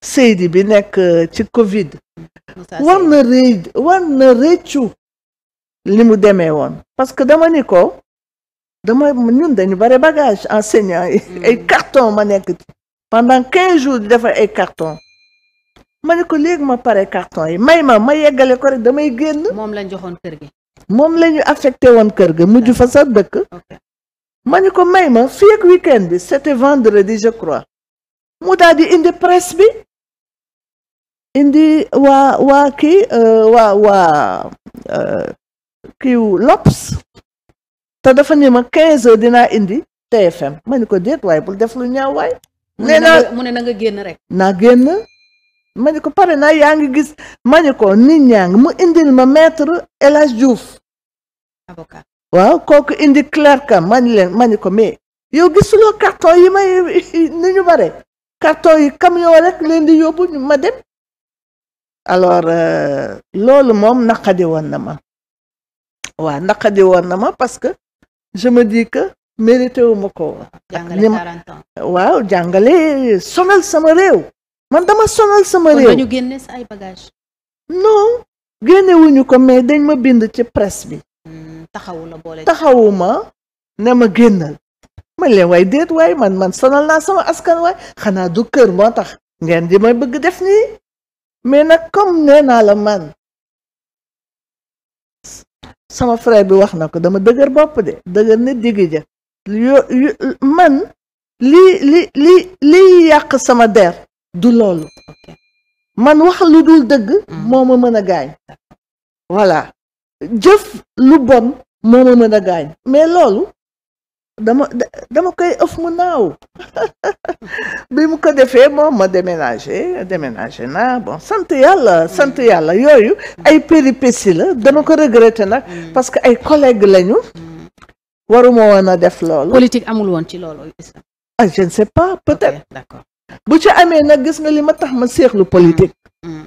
Speaker 2: Seydi bi nekk euh, ci Covid war na rëy war rëccu li mu demee woon parce que dama ni ko dama ñun dañu bare bagage enseignant yi mm. ay carton ma nekk pendant quinze jours di defar ay carton ma ne ko léegi ma pare carton yi may ma ma yeggale ko rek damay génn moom lañ joxoon kër gi moom la ñu affecté woon kër ga mujj fa sax dëkk ma ni ko may ma fii ak week bi c'était vendredi je crois mu daal indi presse bi indi waa waa kii e, waa e, kiiw L'Obs te dafa ni ma 15 heures dinaa indi TFM ma ni ko déet waaye bul def lu ñaaw waay.
Speaker 1: mu ne nanga génn rek.
Speaker 2: naa génn ma ni ko pare naa yaa ngi gis ma ni ko nit ñaa ngi mu indil ma maître El Hadj Diouf. avocat waaw kooku indi clerc ma ni leen ma ni ko mais yow gisuloo carton yi may ni ñu bare carton yi camion rek leen di yóbbu ma dem. alors euh, loolu moom naqadi woon na ma waaw naqadi woon na ma parce que je me dis que mérité ko waaw jàngale sonal sama réew man dama sonal sama réew ñu
Speaker 1: génne sa ay bagages
Speaker 2: non génnewuñu ko mais dañ ma bind ci presse bi
Speaker 1: hmm, taxawu la boole
Speaker 2: taxawu ma ne ma génnal man leen waay déet waay man man sonal naa sama askan waay xanaa du kër moo tax ngeen di may bëgg def nii mais nag comme nee naa la man sama frère bi wax na ko dama dëgër bopp de dëgër ne digg ja yo man li li li liy yàq sama der du loolu man wax lu dul dëgg mm. moo ma mën a gaañ voilà jëf lu bon moo ma mën a gaañ mais loolu dama dama koy ëf mu naaw *laughs* bi mu ko defee moom ma déménager déménager naa bon sant yàlla sant yàlla yooyu ay péripéties la dama ko regretter nag mm. parce que ay collègues lañu mm. waruma woon a def loolu
Speaker 1: politique amul woon ci loolu
Speaker 2: ah je pas peut-être bu ci amee nag gis nga li ma tax ma seexlu politique mm,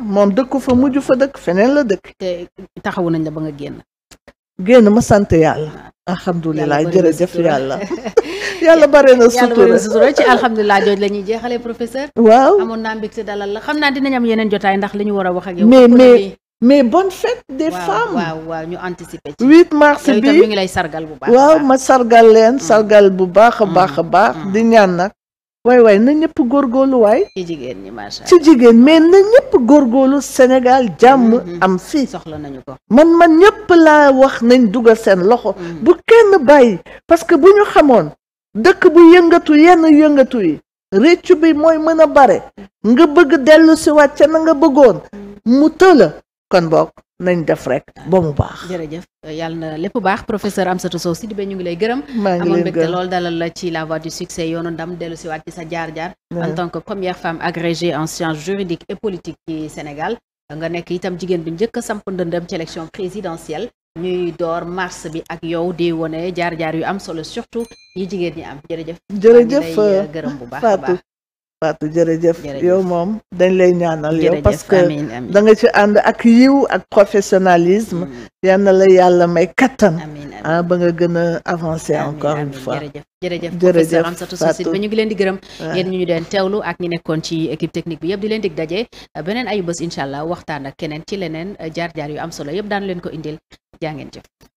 Speaker 2: moom dëkku fa mujj fa dëkk feneen la dëkk taxawu nañ la ba nga génn génn ma sant yàlla alhamdulilah jërëjëf yàlla *laughs* yàlla bare na sutura sutura ci alhamdulilah
Speaker 1: jooj la ñuy jeexalee professeur waaw amoon naa mbégte dalal la xam naa dina am yeneen jotaay ndax li ñu war a wax ak yow mais mais mais bonne fête des wow, femmes waaw waaw ñu anticiper ci mars bi ñu ngi lay sargal bu baax waaw
Speaker 2: ma sargal leen mm. sargal bu baax mm, baax a baax mm, di ñaan nag waay waay na ñëpp góor waay.
Speaker 1: ci jigéen ñi ci
Speaker 2: jigéen mais na góor góorgóorlu senegaal jàmm mm-hmm. am fii. soxla nañu ko man man ñëpp laa wax nañ dugal seen loxo. Mm-hmm. bu kenn bàyyi parce que bu ñu xamoon dëkk bu yëngatu yenn yëngatu yi réccu bi mooy mën a bare nga bëgg dellu si wàcce na nga bëggoon mm-hmm. mu tëla kon boog nañ def rek ba mu baax.
Speaker 1: jërëjëf yàlla na lépp baax professeur Amsatou Sow Sidibé ñu ngi lay gërëm. maa ngi amoon mbégte lool dalal la ci la voie du succès yoonu ndam dellu si waat sa jaar jaar. en tant que première femme agrégée en sciences juridiques et politiques ci Sénégal nga nekk itam jigéen bi njëkk a samp ndëndëm ci élection présidentielle ñuy door mars bi ak yow di wone jaar jaar yu am solo surtout yi jigéen ñi am jërëjëf. jërëjëf gërëm bu baax
Speaker 2: Fatou jërëjëf yow moom dañ lay ñaanal yow parce que da nga ci ànd ak yiw ak professionnalisme mm. yal na la yàlla may kattan ah ba nga gën a avancer encore une fois
Speaker 1: jërëjëf professeur Amsatou Sow ba ñu ngi leen di gërëm yéen ñu ñu deen teewlu ak ñu nekkoon ci équipe technique bi yëpp di leen dig daje beneen ayu bës incha allah waxtaan ak keneen ci leneen jaar-jaar yu am solo yëpp daan leen ko indil jaa ngeen jëf